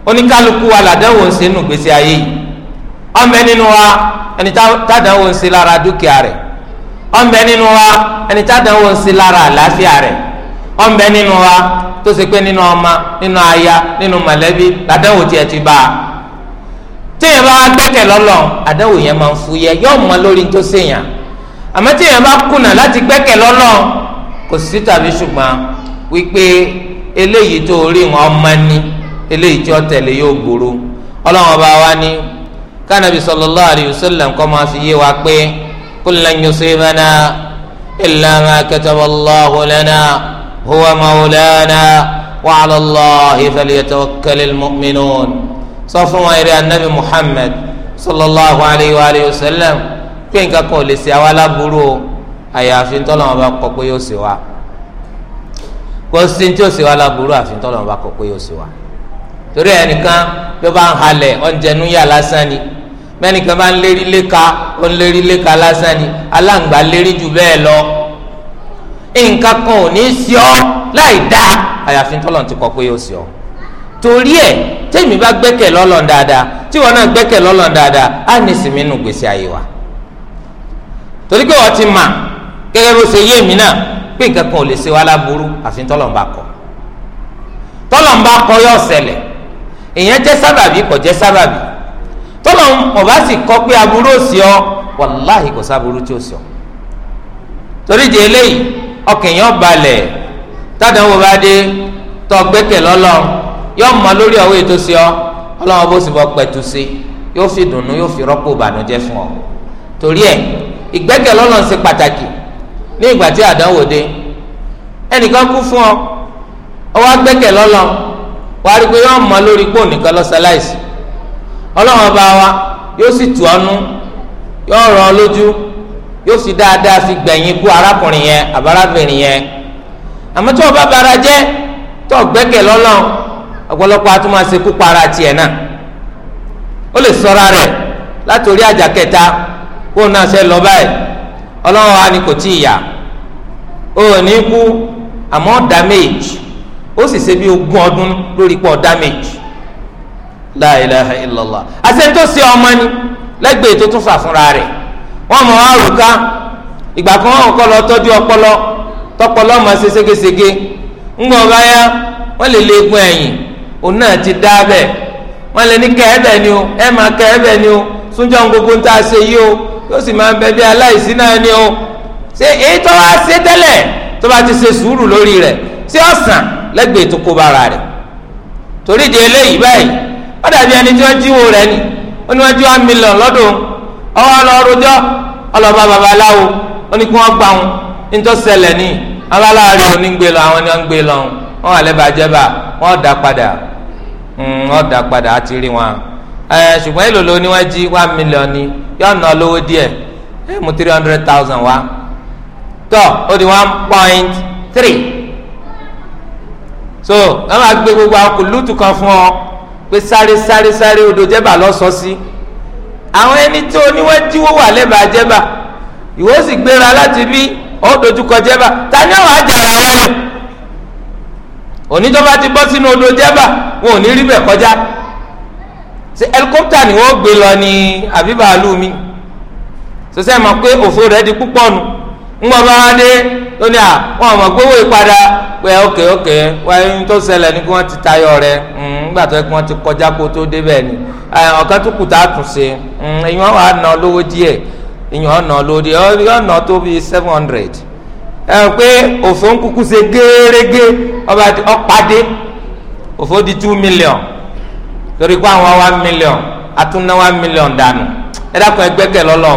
oníkálukú wa làdánwò ń ṣe nù gbèsè ayé yìí ọmọ nínú wa ẹni tá a dánwò ń ṣe lára dúkìá rẹ̀ ọmọ nínú wa ẹni tá dánwò ń ṣe lára àlàáfíà rẹ̀ ọmọ nínú wa tó ṣe pé nínú ọmọ nínú aya nínú mọ̀lẹ́bí làdánwò tiẹ̀ ti bá a téèyàn bá gbẹ́kẹ̀ lọ́lọ́ àdánwò yẹn máa ń fúyẹ́ yọ̀ọ́ mọ lórí tó ṣèyàn àmọ́ téèyàn bá kùnà láti gbẹ́kẹ̀ lọ́lọ́ kò sí tàbí ṣùgbọ́n wípé eléyìí tó rí wọn ọmọ ni eléyìí tí ó tẹ̀lé yóò gbòòrò ọlọ́wọ́n bá wa ní kánàbí sallallahu alayhi wa sallam kọ́ máa fi yé wa pé kullan yusibana illa ma kataba Allahu lana huwa mawlana wa ala Allahi falyatawakkalil mu'minun sọ fún wa eré anabi Muhammad sallallahu alayhi pé nǹkan kan ò lè ṣe àwa láburú o àyàfi ntọ́lọ́wọ́n bá kọ pé yóò ṣe wa kò sí ní tí yóò ṣe wa láburú àfi ntọ́lọ́wọ́n bá kọ pé yóò ṣe wa torí ẹnìkan bí ó bá ń halẹ̀ ọ̀njẹ̀nu yà lásán ni mẹ́nìkan bá ń lérí léka ó ń lérí léka lásán ni aláǹgbá lérí jù bẹ́ẹ̀ lọ nǹkan kan ò ní sí ọ láì dá àyàfi ntọ́lọ́wọ́n ti kọ pé yóò ṣe ọ torí ẹ tẹ́mi bá gbẹ́kẹ̀ lọ́lọ́n dáadáa tí wọn náà gbẹ́kẹ̀ lọ́lọ́n dáadáa á ní ìsinmi nù gbèsè àyè wa torí pé wọ́n ti mà gẹ́gẹ́ bó ṣe yé mi náà pé nǹkan kan ò lè ṣe wá láburú àfi tọ́lọ̀mbà kọ tọ́lọ̀mbà kọ yóò ṣẹlẹ̀ èèyàn jẹ́ sábàbí kò jẹ́ sábàbí tọ́lọ̀mbà sì kọ pé aburú ò sí ọ wàláhì kò sáburú tí ò sí ọ torí di eléyìí ọkàn yẹn balẹ̀ tádàwọ̀ bá dé tọ́ gbẹ́kẹ̀ lọ́lọ́ yóò mọ lórí ọ̀wé tó sí ọ ọlọ́wọ́n bó sì bọ́ pẹ̀tù sí yóò fi dùnnú yóò fi rọ́pò ìbànújẹ́ fún ọ torí ẹ̀ ìgbẹ́kẹ̀ lọ́lọ́ ṣe pàtàkì ní ìgbà tí àdánwò dé ẹnìkan kú fún ọ ọwọ́ agbẹ́kẹ̀ lọ́lọ́ wàá rí pé lórí nìkan ọba wa yóò sì tù ọ nú yóò ọ lójú yóò sì dáadáa fi gbẹ̀yìn kú arákùnrin yẹn yẹn tí bá tó para náà ó lè látòrí ọlọ́wọ́ wa ni kò tí ì yà ó ní kú àmọ́ damage ó sì ṣe bí ogún ọdún lórí pọ̀ damage ilaha illallah ọmọ ni lẹ́gbẹ̀ẹ́ tó tún fà fúnra rẹ̀ wọ́n mọ̀ wá rùka ìgbà kan wọn kọ́ ọpọlọ tọpọlọ ma ṣe ségesège ńgbọ́ bá yá wọ́n lè lé egun ẹ̀yìn òun ti dá bẹ́ẹ̀ wọ́n lè ní kẹ́ẹ̀bẹ̀ ni o ẹ̀ máa kẹ́ẹ̀bẹ̀ ni o súnjọ́ gbogbo ṣe yí yóò sì máa ń bẹ bí aláìsí náà ni o ṣé èyí tó wá ṣe tẹ́lẹ̀ tó bá ti ṣe sùúrù lórí rẹ̀ ṣé ọ̀sán lẹ́gbẹ̀ẹ́ tó kó bára rẹ̀ torí di eléyìí báyìí ó dàbí ẹni tí wọ́n jíwò rẹ̀ ni ó ní wọ́n jí one million lọ́dún ọwọ́ lọ rojọ́ ọlọ́ba babaláwo ó ní kí wọ́n gbà wọn nítòsẹ̀lẹ̀ ni aláàárín òní ń gbé lọ àwọn ni wọ́n ń gbé lọ wọn àlẹ́ bàjẹ́ bá wọn ọ̀dà padà hmm, ọ̀dà padà á ti rí wọn ẹ ṣùgbọ́n èlò ló níwájú one million ni yóò ná lówó díẹ̀ ẹ mú three hundred thousand wá tọ́ ó di one point three so ẹ máa gbé gbogbo akùlùtù kan fún ọ pé sáré sáré sáré odò jẹba lọsọ sí àwọn ẹni tó níwájú wà lẹ́bàá jẹba ìwọ sì gbéra láti bí ó dojúkọ jẹba ta ni àwọn àjàrà wọn lẹ oníjọba ti bọ́ sínú odò jẹba wọn ò ní rí bẹ̀ kọjá. ṣe ẹlikọ́pítà ni wọ́n gbé lọ ní àbí bàálù mi sọsẹ́ ma pé òfò rẹ̀ di púpọ̀ nù ńgbọ́ bá wá dé ó ní à wọn àmọ̀ gbówó ìpadà pé ókè ókè wáyé ń tó ní kí wọ́n ti tayọ rẹ̀ ńgbà tó yẹ kí wọ́n ti kọjá kó tó débẹ̀ ni ọ̀kan tó kù tá a tún ṣe ìyẹn wà á lówó díẹ̀ ìyẹn ọ̀nà lóde ọ̀nà tó bíi seven hundred ẹ pé òfò ń kúkú ṣe gẹ́rẹ́gẹ́ ọba di two million torí pé àwọn one million atúná one million dànù ẹ dákun ẹgbẹ́kẹ̀ lọlọ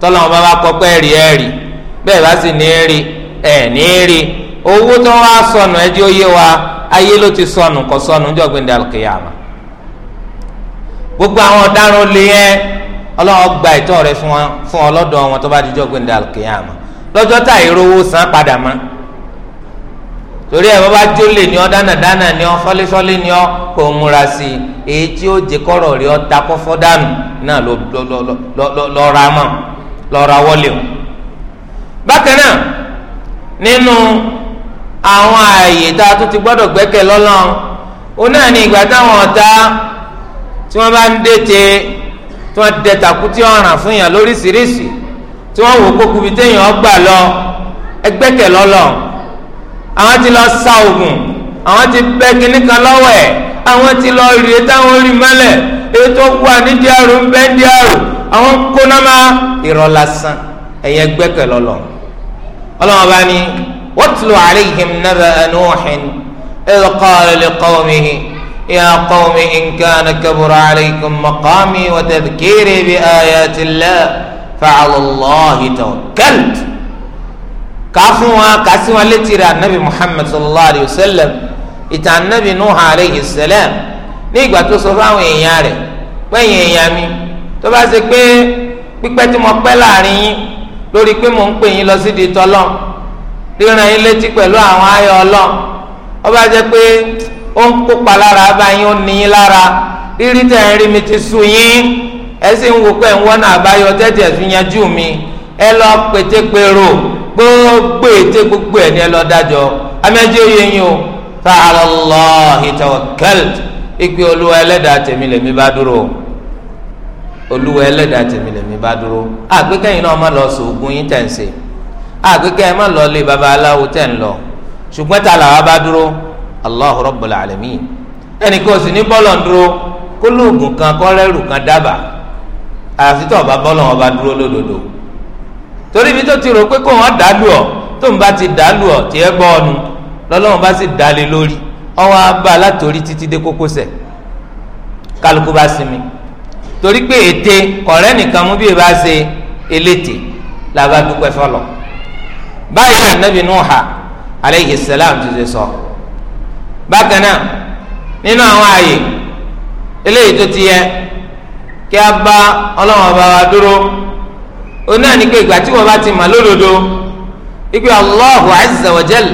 tọlọ wọn bá bá kọ́ pé bá sì ní rí ẹ̀ ní rí owó tó wá sọnù wa ayé ló ti sọnù gbogbo àwọn yẹn gba rẹ fún ọ wọn tó bá di san padà mọ. torí ẹ bàbá tí ó lè ní ọ dánàdánà ní ọ sọlísọlí ní ọ kò múra sí i èyí tí ó jẹ kọrọ rí ọ ta kọfọ dànù náà lọ lọ lọ lọ ra mọ lọ ra wọlé o. bákan náà nínú àwọn ààyè tá a tún ti gbọ́dọ̀ gbẹ́kẹ̀ lọ́lọ́run ó náà ní ìgbà táwọn ọ̀tá tí wọ́n bá ń dètè tí wọ́n dẹ tàkútì ọ̀ràn fún yàn lóríṣiríṣi tí wọ́n wò kókùbí téèyàn ọgbà lọ ẹgbẹ́kẹ̀ lọ́lọ́run àwọn ti lọ sa oògùn àwọn ti bẹ kínní kan lọ́wọ́ ẹ̀ àwọn ti lọ rèé táwọn rí mọ́lẹ̀ ètò wà ní díàrú ń bẹ́ díàrú àwọn kóná máa irọ́ lásán ẹ̀yẹ gbẹ́kẹ̀ lọ́lọ́ ọlọ́wọ́n bá ní watlu alayhim naba'a Nuhin idh qala liqawmihi ya qawmi in kana kabura alaykum maqami wa tadhkiri bi ayati Allah fa'ala Allahi tawakkaltu. ka á fún wa anabi muhammed sallallahu alayhi wa sallam ìtàn anabi nuhu alayhi salam ní ìgbà tó sọ fáwọn èèyàn rẹ̀ pẹ́yìn èèyàn mi tó bá ṣe pé pípẹ́ tí mo pẹ́ láàrin yín lórí pé mò ń pè yín lọ sí di tọ́lọ́ ríran yín létí pẹ̀lú àwọn ayọ̀ ọlọ́ ó bá jẹ́ pé ó ń kópa lára bá ó ní yín mi ti sú gbogbo ète gbogbo ẹ̀ ní ẹ lọ dájọ́ amẹ́jọ́ yẹ yín o fa ala Allahi tawakkalt ìpè olúwa ẹlẹ́dàá tèmi lèmi bá dúró olúwa ẹlẹ́dàá tèmi lèmi bá dúró àgbékẹ́yìn náà má lọ sògùn yín tẹ̀ ń má lọ lé babaláwo tẹ̀ ń lọ ṣùgbọ́n ta làwa bá dúró Allahu Rabbul Alamin ẹnì kan sì ní bọ́ọ̀lù ń dúró kó kan kọ́rẹ́rù kan dábàá àyàfi tó ọba bọ́ọ̀lù ọba dúró lódodo. torí ibi tó ti rò pé kó wọn dàlú ọ tó ń bá ti dàlú ọ tiẹ gbọ ọnu lọ́lọ́run bá sì dalè lórí ọwọ abá látòrí títí dé kókósẹ̀ kálukú bá sinmi torí pé ète kọrẹ nìkan mú bí e bá ṣe eléte làbá dúpẹ́ fọlọ báyìí ànábì Nuha aleyhi salam ti ṣe sọ bákan náà nínú àwọn ààyè eléyìí tó ti yẹ kí a bá ọlọ́wọ́n bá wa dúró. oní àníkè ìgbà tí wọn bá ti mà lódodo ipe Allahu azza wa jal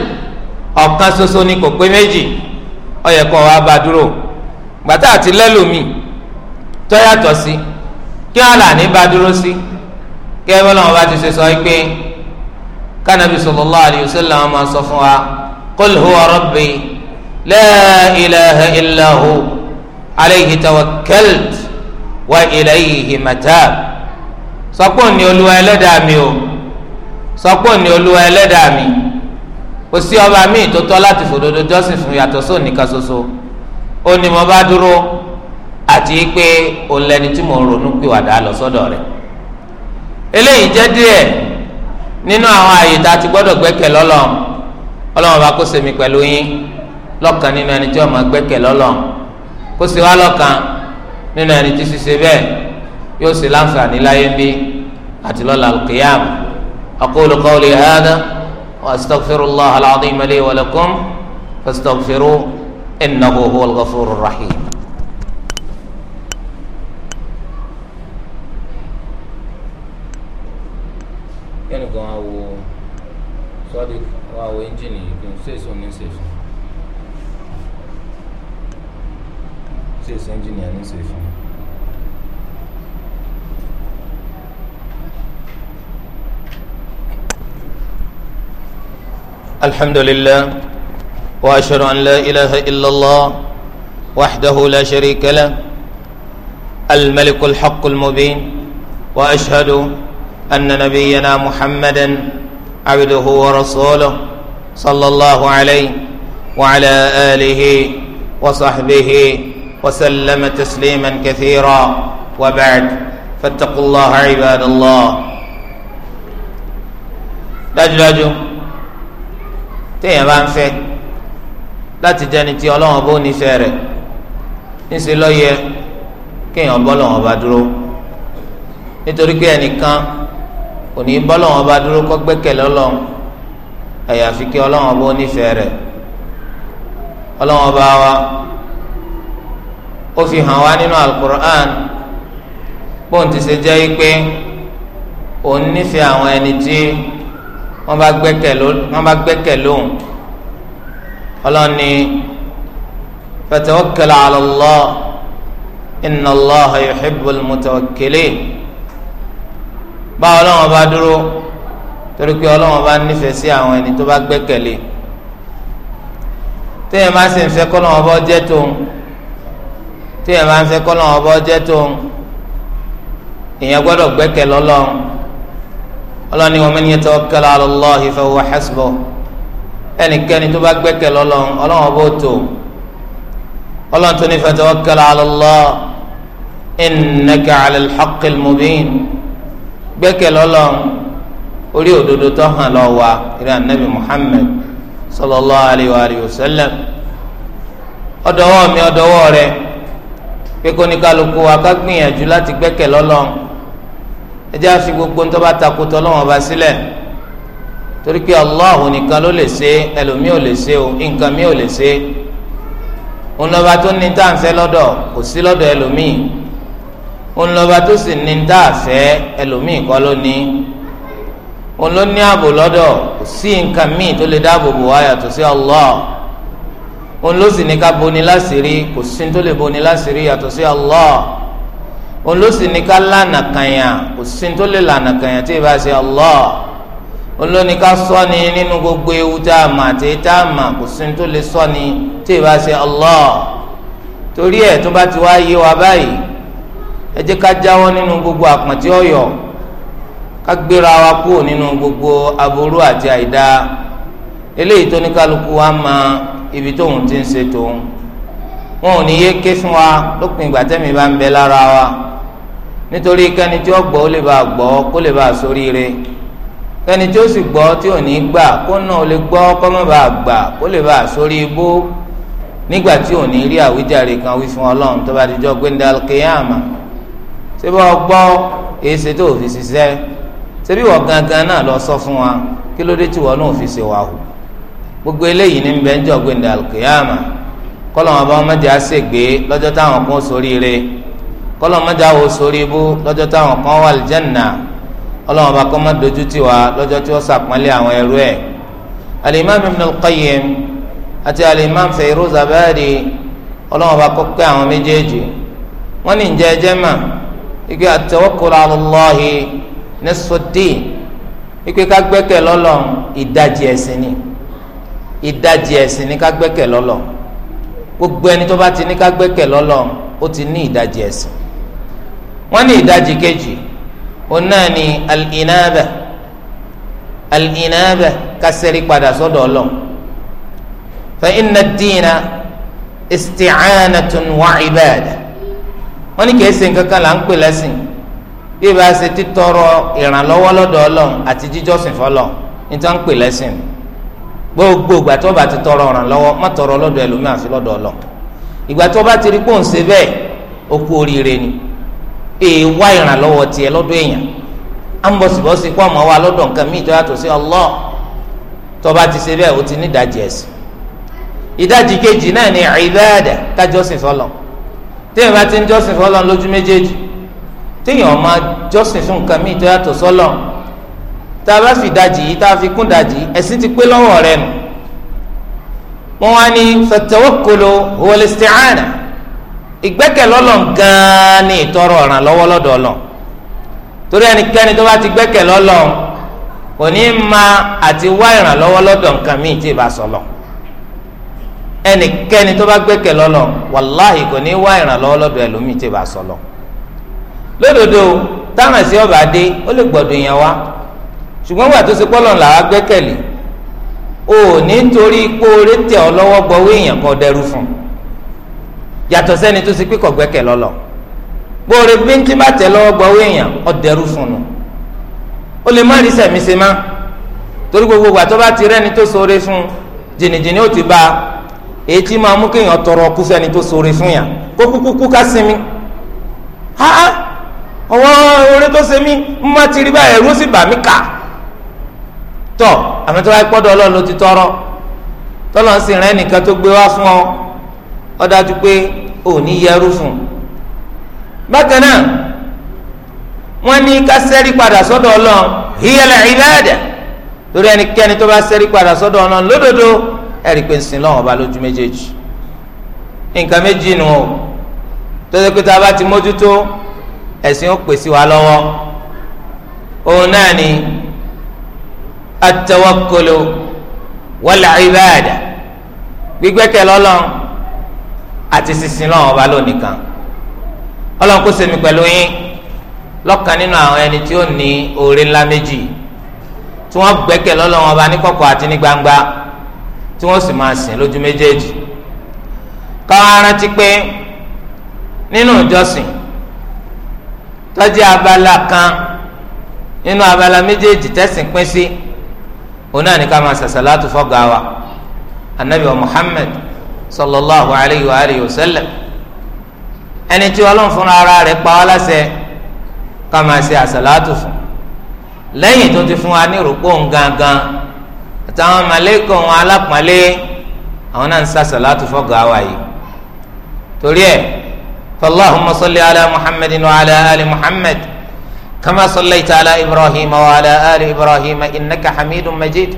ọ̀kan ṣoṣo ni kò pé méjì ó yẹ kó wa bá dúró gbàtà àti lẹ́lòmíì tó yàtọ̀ sí kí wọn là ní bá dúró sí kí ẹ bọ́lá wọn bá ti ṣe sọ pé kánàbí sallallahu alayhi wa máa sọ fún wa qul huwa rabbi la ilaha illa hu alayhi tawakkalt wa ilayhi matab sọ́pọ̀ ní olúwa ẹlẹ́dàá mi o sọ́pọ̀ ní olúwa ẹlẹ́dàá mi kò sí ọba míì tó tọ́ láti fòdodo jọ́sìn fún yàtọ̀ sóò nìkan ṣoṣo ó ní mo bá dúró àti pé òun lẹni tí mo ronú pìwàdà lọ sọ́dọ̀ rẹ̀ eléyìí jẹ́ díẹ̀ nínú àwọn àyè tá a ti gbọ́dọ̀ gbẹ́kẹ̀ lọ́lọ́ ọlọ́run bá kó sèmi pẹ̀lú yín lọ́kàn nínú ẹni tí ó máa gbẹ́kẹ̀ kó sì wá lọ́kàn nínú ẹni tí ṣiṣẹ́ bẹ́ẹ̀ yóò ṣe láǹfààní láyé bí àti lọ́la alqiyam aqulu qawli hadha wa astaghfirullah al-azim li wa lakum fastaghfiru innahu huwal ghafurur rahim. yẹnu kan wá wo sọ́ọ́dì wá wo ẹ́ńjìnì kò ń ní ṣèṣin ṣèṣin ẹ́ńjìnì ní ṣèṣin. الحمد لله واشهد ان لا اله الا الله وحده لا شريك له الملك الحق المبين واشهد ان نبينا محمدا عبده ورسوله صلى الله عليه وعلى اله وصحبه وسلم تسليما كثيرا وبعد فاتقوا الله عباد الله دجاجه téèyàn bá ń fẹ́ láti jẹni tí ọlọ́wọ́n bó nífẹ̀ẹ́ rẹ̀ níṣẹ́ lọ́yẹ kéèyàn bọ́ lọ́wọ́n bá dúró nítorí pé ẹnìkan kò ní bọ́ lọ́wọ́n bá dúró kọ́ gbẹ́kẹ̀lé ọlọ́run àyàfi kí ọlọ́wọ́n bó nífẹ̀ẹ́ rẹ̀ ọlọ́wọ́n bá wa ó fi hàn wá nínú alukur'an bóun ṣe jẹ́ pé òun nífẹ̀ẹ́ àwọn ẹni tí wọ́n bá gbẹ́kẹ̀ lóhùn wọ́n bá gbẹ́kẹ̀ lóhùn ọlọ́ni fatawakkal ala Allah inna Allaha yuhibbul mutawakkilin bá ọlọ́wọ́n bá dúró torí pé ọlọ́wọ́n bá nífẹ̀ẹ́ sí àwọn ẹni tó bá gbẹ́kẹ̀lé téèyàn máa sì ń fẹ́ kọ́ lọ́wọ́ bọ́ jẹ́ tóun téèyàn máa ń fẹ́ kọ́ lọ́wọ́ bọ́ jẹ́ tóun èèyàn gbọ́dọ̀ gbẹ́kẹ̀ lọ́lọ́run ọlọ́ni wa man yatawakkal ala Allahi fa huwa hasbuh ẹnikẹ́ni tó bá gbẹ́kẹ̀ lọ́lọ́run ọlọ́run bó tó ọlọ́run tó ní fa tawakkal ala Allah innaka ala al-haqqil mubin gbẹ́kẹ̀ lọ́lọ́run orí òdodo tó hàn lọ wa ìrẹ anabi Muhammad sallallahu alayhi wa alihi wa sallam ọdọwọ mi ọdọwọ rẹ pé kóníkàlùkù wa ká gbìyànjú láti gbẹ́kẹ̀ lọ́lọ́run ẹ jẹ́ àfi gbogbo ń tọ́ba takotọ́ lọ́wọ́n ọba sílẹ̀ torí pé Allah nìkan ló lè ṣe ẹlòmíì ò lè ṣe o nǹkan mi ò lè ṣe ònlọba tó ní tá à ń fẹ́ lọ́dọ̀ kò sí lọ́dọ̀ ẹlòmíì ònlọba tó sì ní tá à fẹ́ ẹlòmíì kọ́ ló ní òun ààbò lọ́dọ̀ kò sí nǹkan míì tó lè dáàbò bò wá yàtọ̀ sí Allah òun ló sì ní ká boni láṣìírí kò sí tó lè boni láṣìírí yàtọ̀ sí Allah. òun ló sì ní lànà kànyà kò sí tó lè lànà kànyà tí ìbá ṣe gbogbo ewu tá a mà àti tá a mà kò sí tó lè sọ́ni tí ìbá ṣe Allah torí ẹ̀ tó bá ti wá yé wa báyìí ẹ jẹ́ ká jáwọ́ nínú gbogbo àpọ̀ntí ká gbéra wa nínú gbogbo aburú àti eléyìí tó ní kálukú wa ibi ti ń ṣe wọn ò ní yé ké fún wa nítorí kẹ́ni tí ó gbọ́ ó lè bá gbọ́ kó lè bá ṣoríire kẹ́ni tí ó sì gbọ́ tí ò ní gbà kó náà ó lè gbọ́ kó má bá gbà kó lè bá sórí ibú nígbà tí ò ní rí àwíjàre kan wí fún ọlọ́run tó bá ti jọ gbé ndal kéyàmà ṣé bá gbọ́ èsì tó fi ṣiṣẹ́ ṣé bí wọ́n gangan náà lọ sọ fún wa kí ló dé tí wọ́n náà fi ṣe wà hù gbogbo eléyìí ní bẹ́ẹ̀ ń jọ gbé ndal kéyàmà kọ́ lọ́wọ́n bá wọn mẹ́jẹ̀ á ṣègbè lọ́jọ́ táwọn kún sóríire. So kọlọmọdà wo sórí ibú lọ́jọ́ táwọn kan wà lìjẹnà Ọlọ́run bá kọ́ má dojú tì wá lọ́jọ́ tí ó sàpọ́nlé àwọn ẹrú ẹ̀ alimam ibn al-qayyim àti alimam Fayruz Abadi Ọlọ́run bá kọ́ pé àwọn méjèèjì wọ́n ní njẹ́ ẹjẹ́ mà ike at-tawakkul ala Allahi ike ká gbẹ́kẹ̀ lọ́lọ́ ìdajì ẹ̀sìn ni ìdajì ẹ̀sìn ni ká gbẹ́kẹ̀ lọ́lọ́ gbogbo ẹni tó bá ti ní ká gbẹ́kẹ̀ lọ́lọ́ ó ti ní ìdajì ẹ̀sìn wọ́n ní ìdajì kejì òun náà ni al-inaba al-inaba kásẹ̀rí padà sọ́dọ̀ ọlọ́run fa inna ad-dina isti'anatun wa ibada wọ́n ní kìí ṣe nǹkan kan là ń pè lẹ́sìn bí ibà ṣe títọrọ ìrànlọ́wọ́ lọ́dọ̀ ọlọ́run àti jíjọ́sìn fọlọ́run ní ń pè lẹ́sìn gbogbo ìgbà tó bá ti tọrọ ìrànlọ́wọ́ má tọrọ lọ́dọ̀ ẹlòmíà fi lọ́dọ̀ ọlọ́run ìgbà tó bá ti rí pòǹsẹ̀ bẹ́ẹ̀ ó kú oríire ni èèwá ìrànlọ́wọ́ tiẹ̀ lọ́dọ̀ èèyàn á ń bọ̀sibọ́sí kó àmọ́ wa lọ́dọ̀ nǹkan míì tó yàtọ̀ sí Allah tó ti ṣe bẹ́ẹ̀ ó ti ní ìdajì ẹ̀sìn ìdajì kejì náà ni ìbáàdà fọlọ́ téèyàn bá ti ń jọ́sìn fọlọ́ lójú méjèèjì téèyàn máa jọ́sìn fún nǹkan míì tó yàtọ̀ tá a bá fi ìdajì yìí tá a fi kún ìdajì ẹ̀sìn ti pé lọ́wọ́ rẹ̀ nù wọ́n wá ní ìgbẹ́kẹ̀lé gan-an ni ìtọrọ ọ̀ràn lọ́wọ́ lọ́dọ̀ torí ẹnikẹ́ni tó bá ti gbẹ́kẹ̀lé kò ní ma àti wá ìrànlọ́wọ́ lọ́dọ̀ nǹkan míì tí ì bá sọlọ ẹnikẹ́ni tó bá gbẹ́kẹ̀lé wàláhì kò ní wá ìrànlọ́wọ́ lọ́dọ̀ ẹlòmíì tí ì bá sọlọ lódodo táwọn ọba dé ó lè o lọ́wọ́ yàtọ̀ sẹ́ni tó ṣe pé kò gbẹ́kẹ̀ lọ́lọ́ bóore bí ń tí bá tẹ̀ lọ́wọ́ gbọ́ owó èèyàn fún un ó lè má rí sẹ̀mí se má torí gbogbo ìgbà tó bá ti rẹ́ni tó ṣoore fún jìnnìjìnnì ó ti bá a èyí tí máa mú kéèyàn tọrọ ọkú fẹ́ni tó ṣoore fún yàn kó kúkú ká sinmi ha ọwọ́ oore tó ṣe mí ń má ti rí báyìí ẹ̀rú sì bà mí kà tọ́ àmì tó bá gbọ́dọ̀ ọlọ́run ló ti tọrọ ó dájú pé ò ní yẹrú fún un bákan náà wọ́n ní ká ṣẹ́rí padà sọ́dọ̀ Ọlọ́run hiyẹlẹ ìbáàdà torí ẹnikẹ́ni tó bá ṣẹ́rí padà sọ́dọ̀ Ọlọ́run lódodo ẹ̀rí pé ń sin lọ́wọ́ ọba lójú méjèèjì nǹkan méjì nù o tó pé tá a bá ti mójútó ẹ̀sìn ó pèsè wa lọ́wọ́ òun náà ni at-tawakkulu wal gbígbẹ́kẹ̀ lọ́lọ́run àti sísìn lọ́wọ́ ọba lónìí kan ọlọ́run kó sèmi pẹ̀lú yín lọ́kàn nínú àwọn ẹni tí ó ní oore ńlá méjì tí wọ́n gbẹ́kẹ̀ lọ́lọ́run ọba ní kọ̀kọ̀ àti ní gbangba tí wọ́n sì máa sìn lójú méjèèjì káwọn arántí pé nínú ìjọsìn tó jẹ́ abala kan nínú abala méjèèjì tẹ̀sìn pín sí òun náà ní ká máa ṣàṣàlátù fọ́gà wa anabi wa muhammed sallallahu alayhi wa alayhi wa sallam ẹni tí ọlọ́run fúnra ara rẹ̀ pa ọ́ láṣẹ ká máa ṣe àṣàlátù fún lẹ́yìn tó ti fún wa ní ìrùpọ̀ gangan àtàwọn màlẹ́kọ̀ wọn alápọ̀nlé àwọn náà ń ṣe àṣàlátù fọ́gà wa yìí torí ẹ̀ fallahumma salli ala muhammadin wa ala ali muhammad kama sallaita ala ibrahim wa ala ali ibrahim innaka hamidun majid.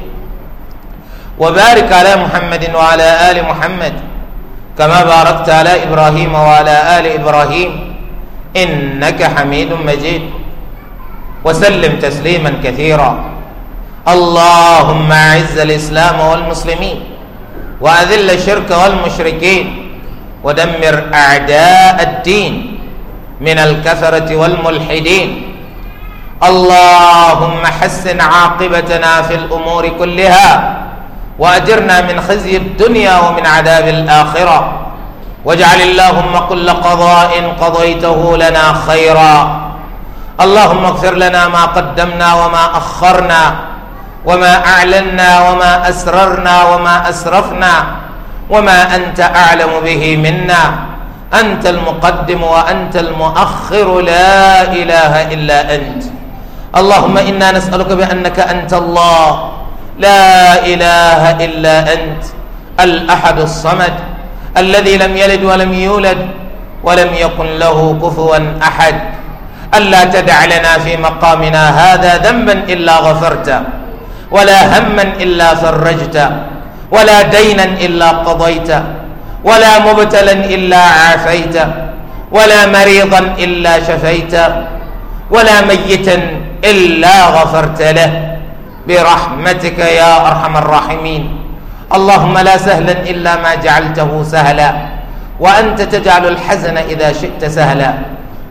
وبارك على محمد وعلى آل محمد كما باركت على إبراهيم وعلى آل إبراهيم إنك حميد مجيد وسلم تسليما كثيرا اللهم أعز الإسلام والمسلمين وأذل الشرك والمشركين ودمر أعداء الدين من الكثرة والملحدين اللهم حسن عاقبتنا في الأمور كلها وأجرنا من خزي الدنيا ومن عذاب الآخرة واجعل اللهم كل قضاء قضيته لنا خيرا اللهم اغفر لنا ما قدمنا وما أخرنا وما أعلنا وما أسررنا وما أسرفنا وما أنت أعلم به منا أنت المقدم وأنت المؤخر لا إله إلا أنت اللهم إنا نسألك بأنك أنت الله لا إله إلا أنت الأحد الصمد الذي لم يلد ولم يولد ولم يكن له كفوا أحد ألا تدع لنا في مقامنا هذا ذنبا إلا غفرته ولا هما إلا فرجته ولا دينا إلا قضيته ولا مبتلا إلا عافيته ولا مريضا إلا شفيته ولا ميتا إلا غفرت له برحمتك يا أرحم الراحمين اللهم لا سهلا إلا ما جعلته سهلا وأنت تجعل الحزن إذا شئت سهلا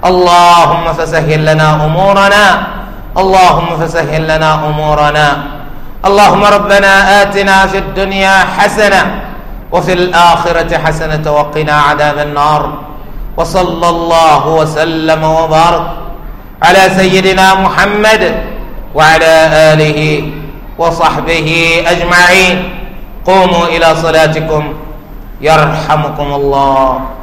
اللهم فسهل لنا أمورنا اللهم فسهل لنا أمورنا اللهم ربنا آتنا في الدنيا حسنة وفي الآخرة حسنة وقنا عذاب النار وصلى الله وسلم وبارك على سيدنا محمد وعلى آله وصحبه أجمعين قوموا إلى صلاتكم يرحمكم الله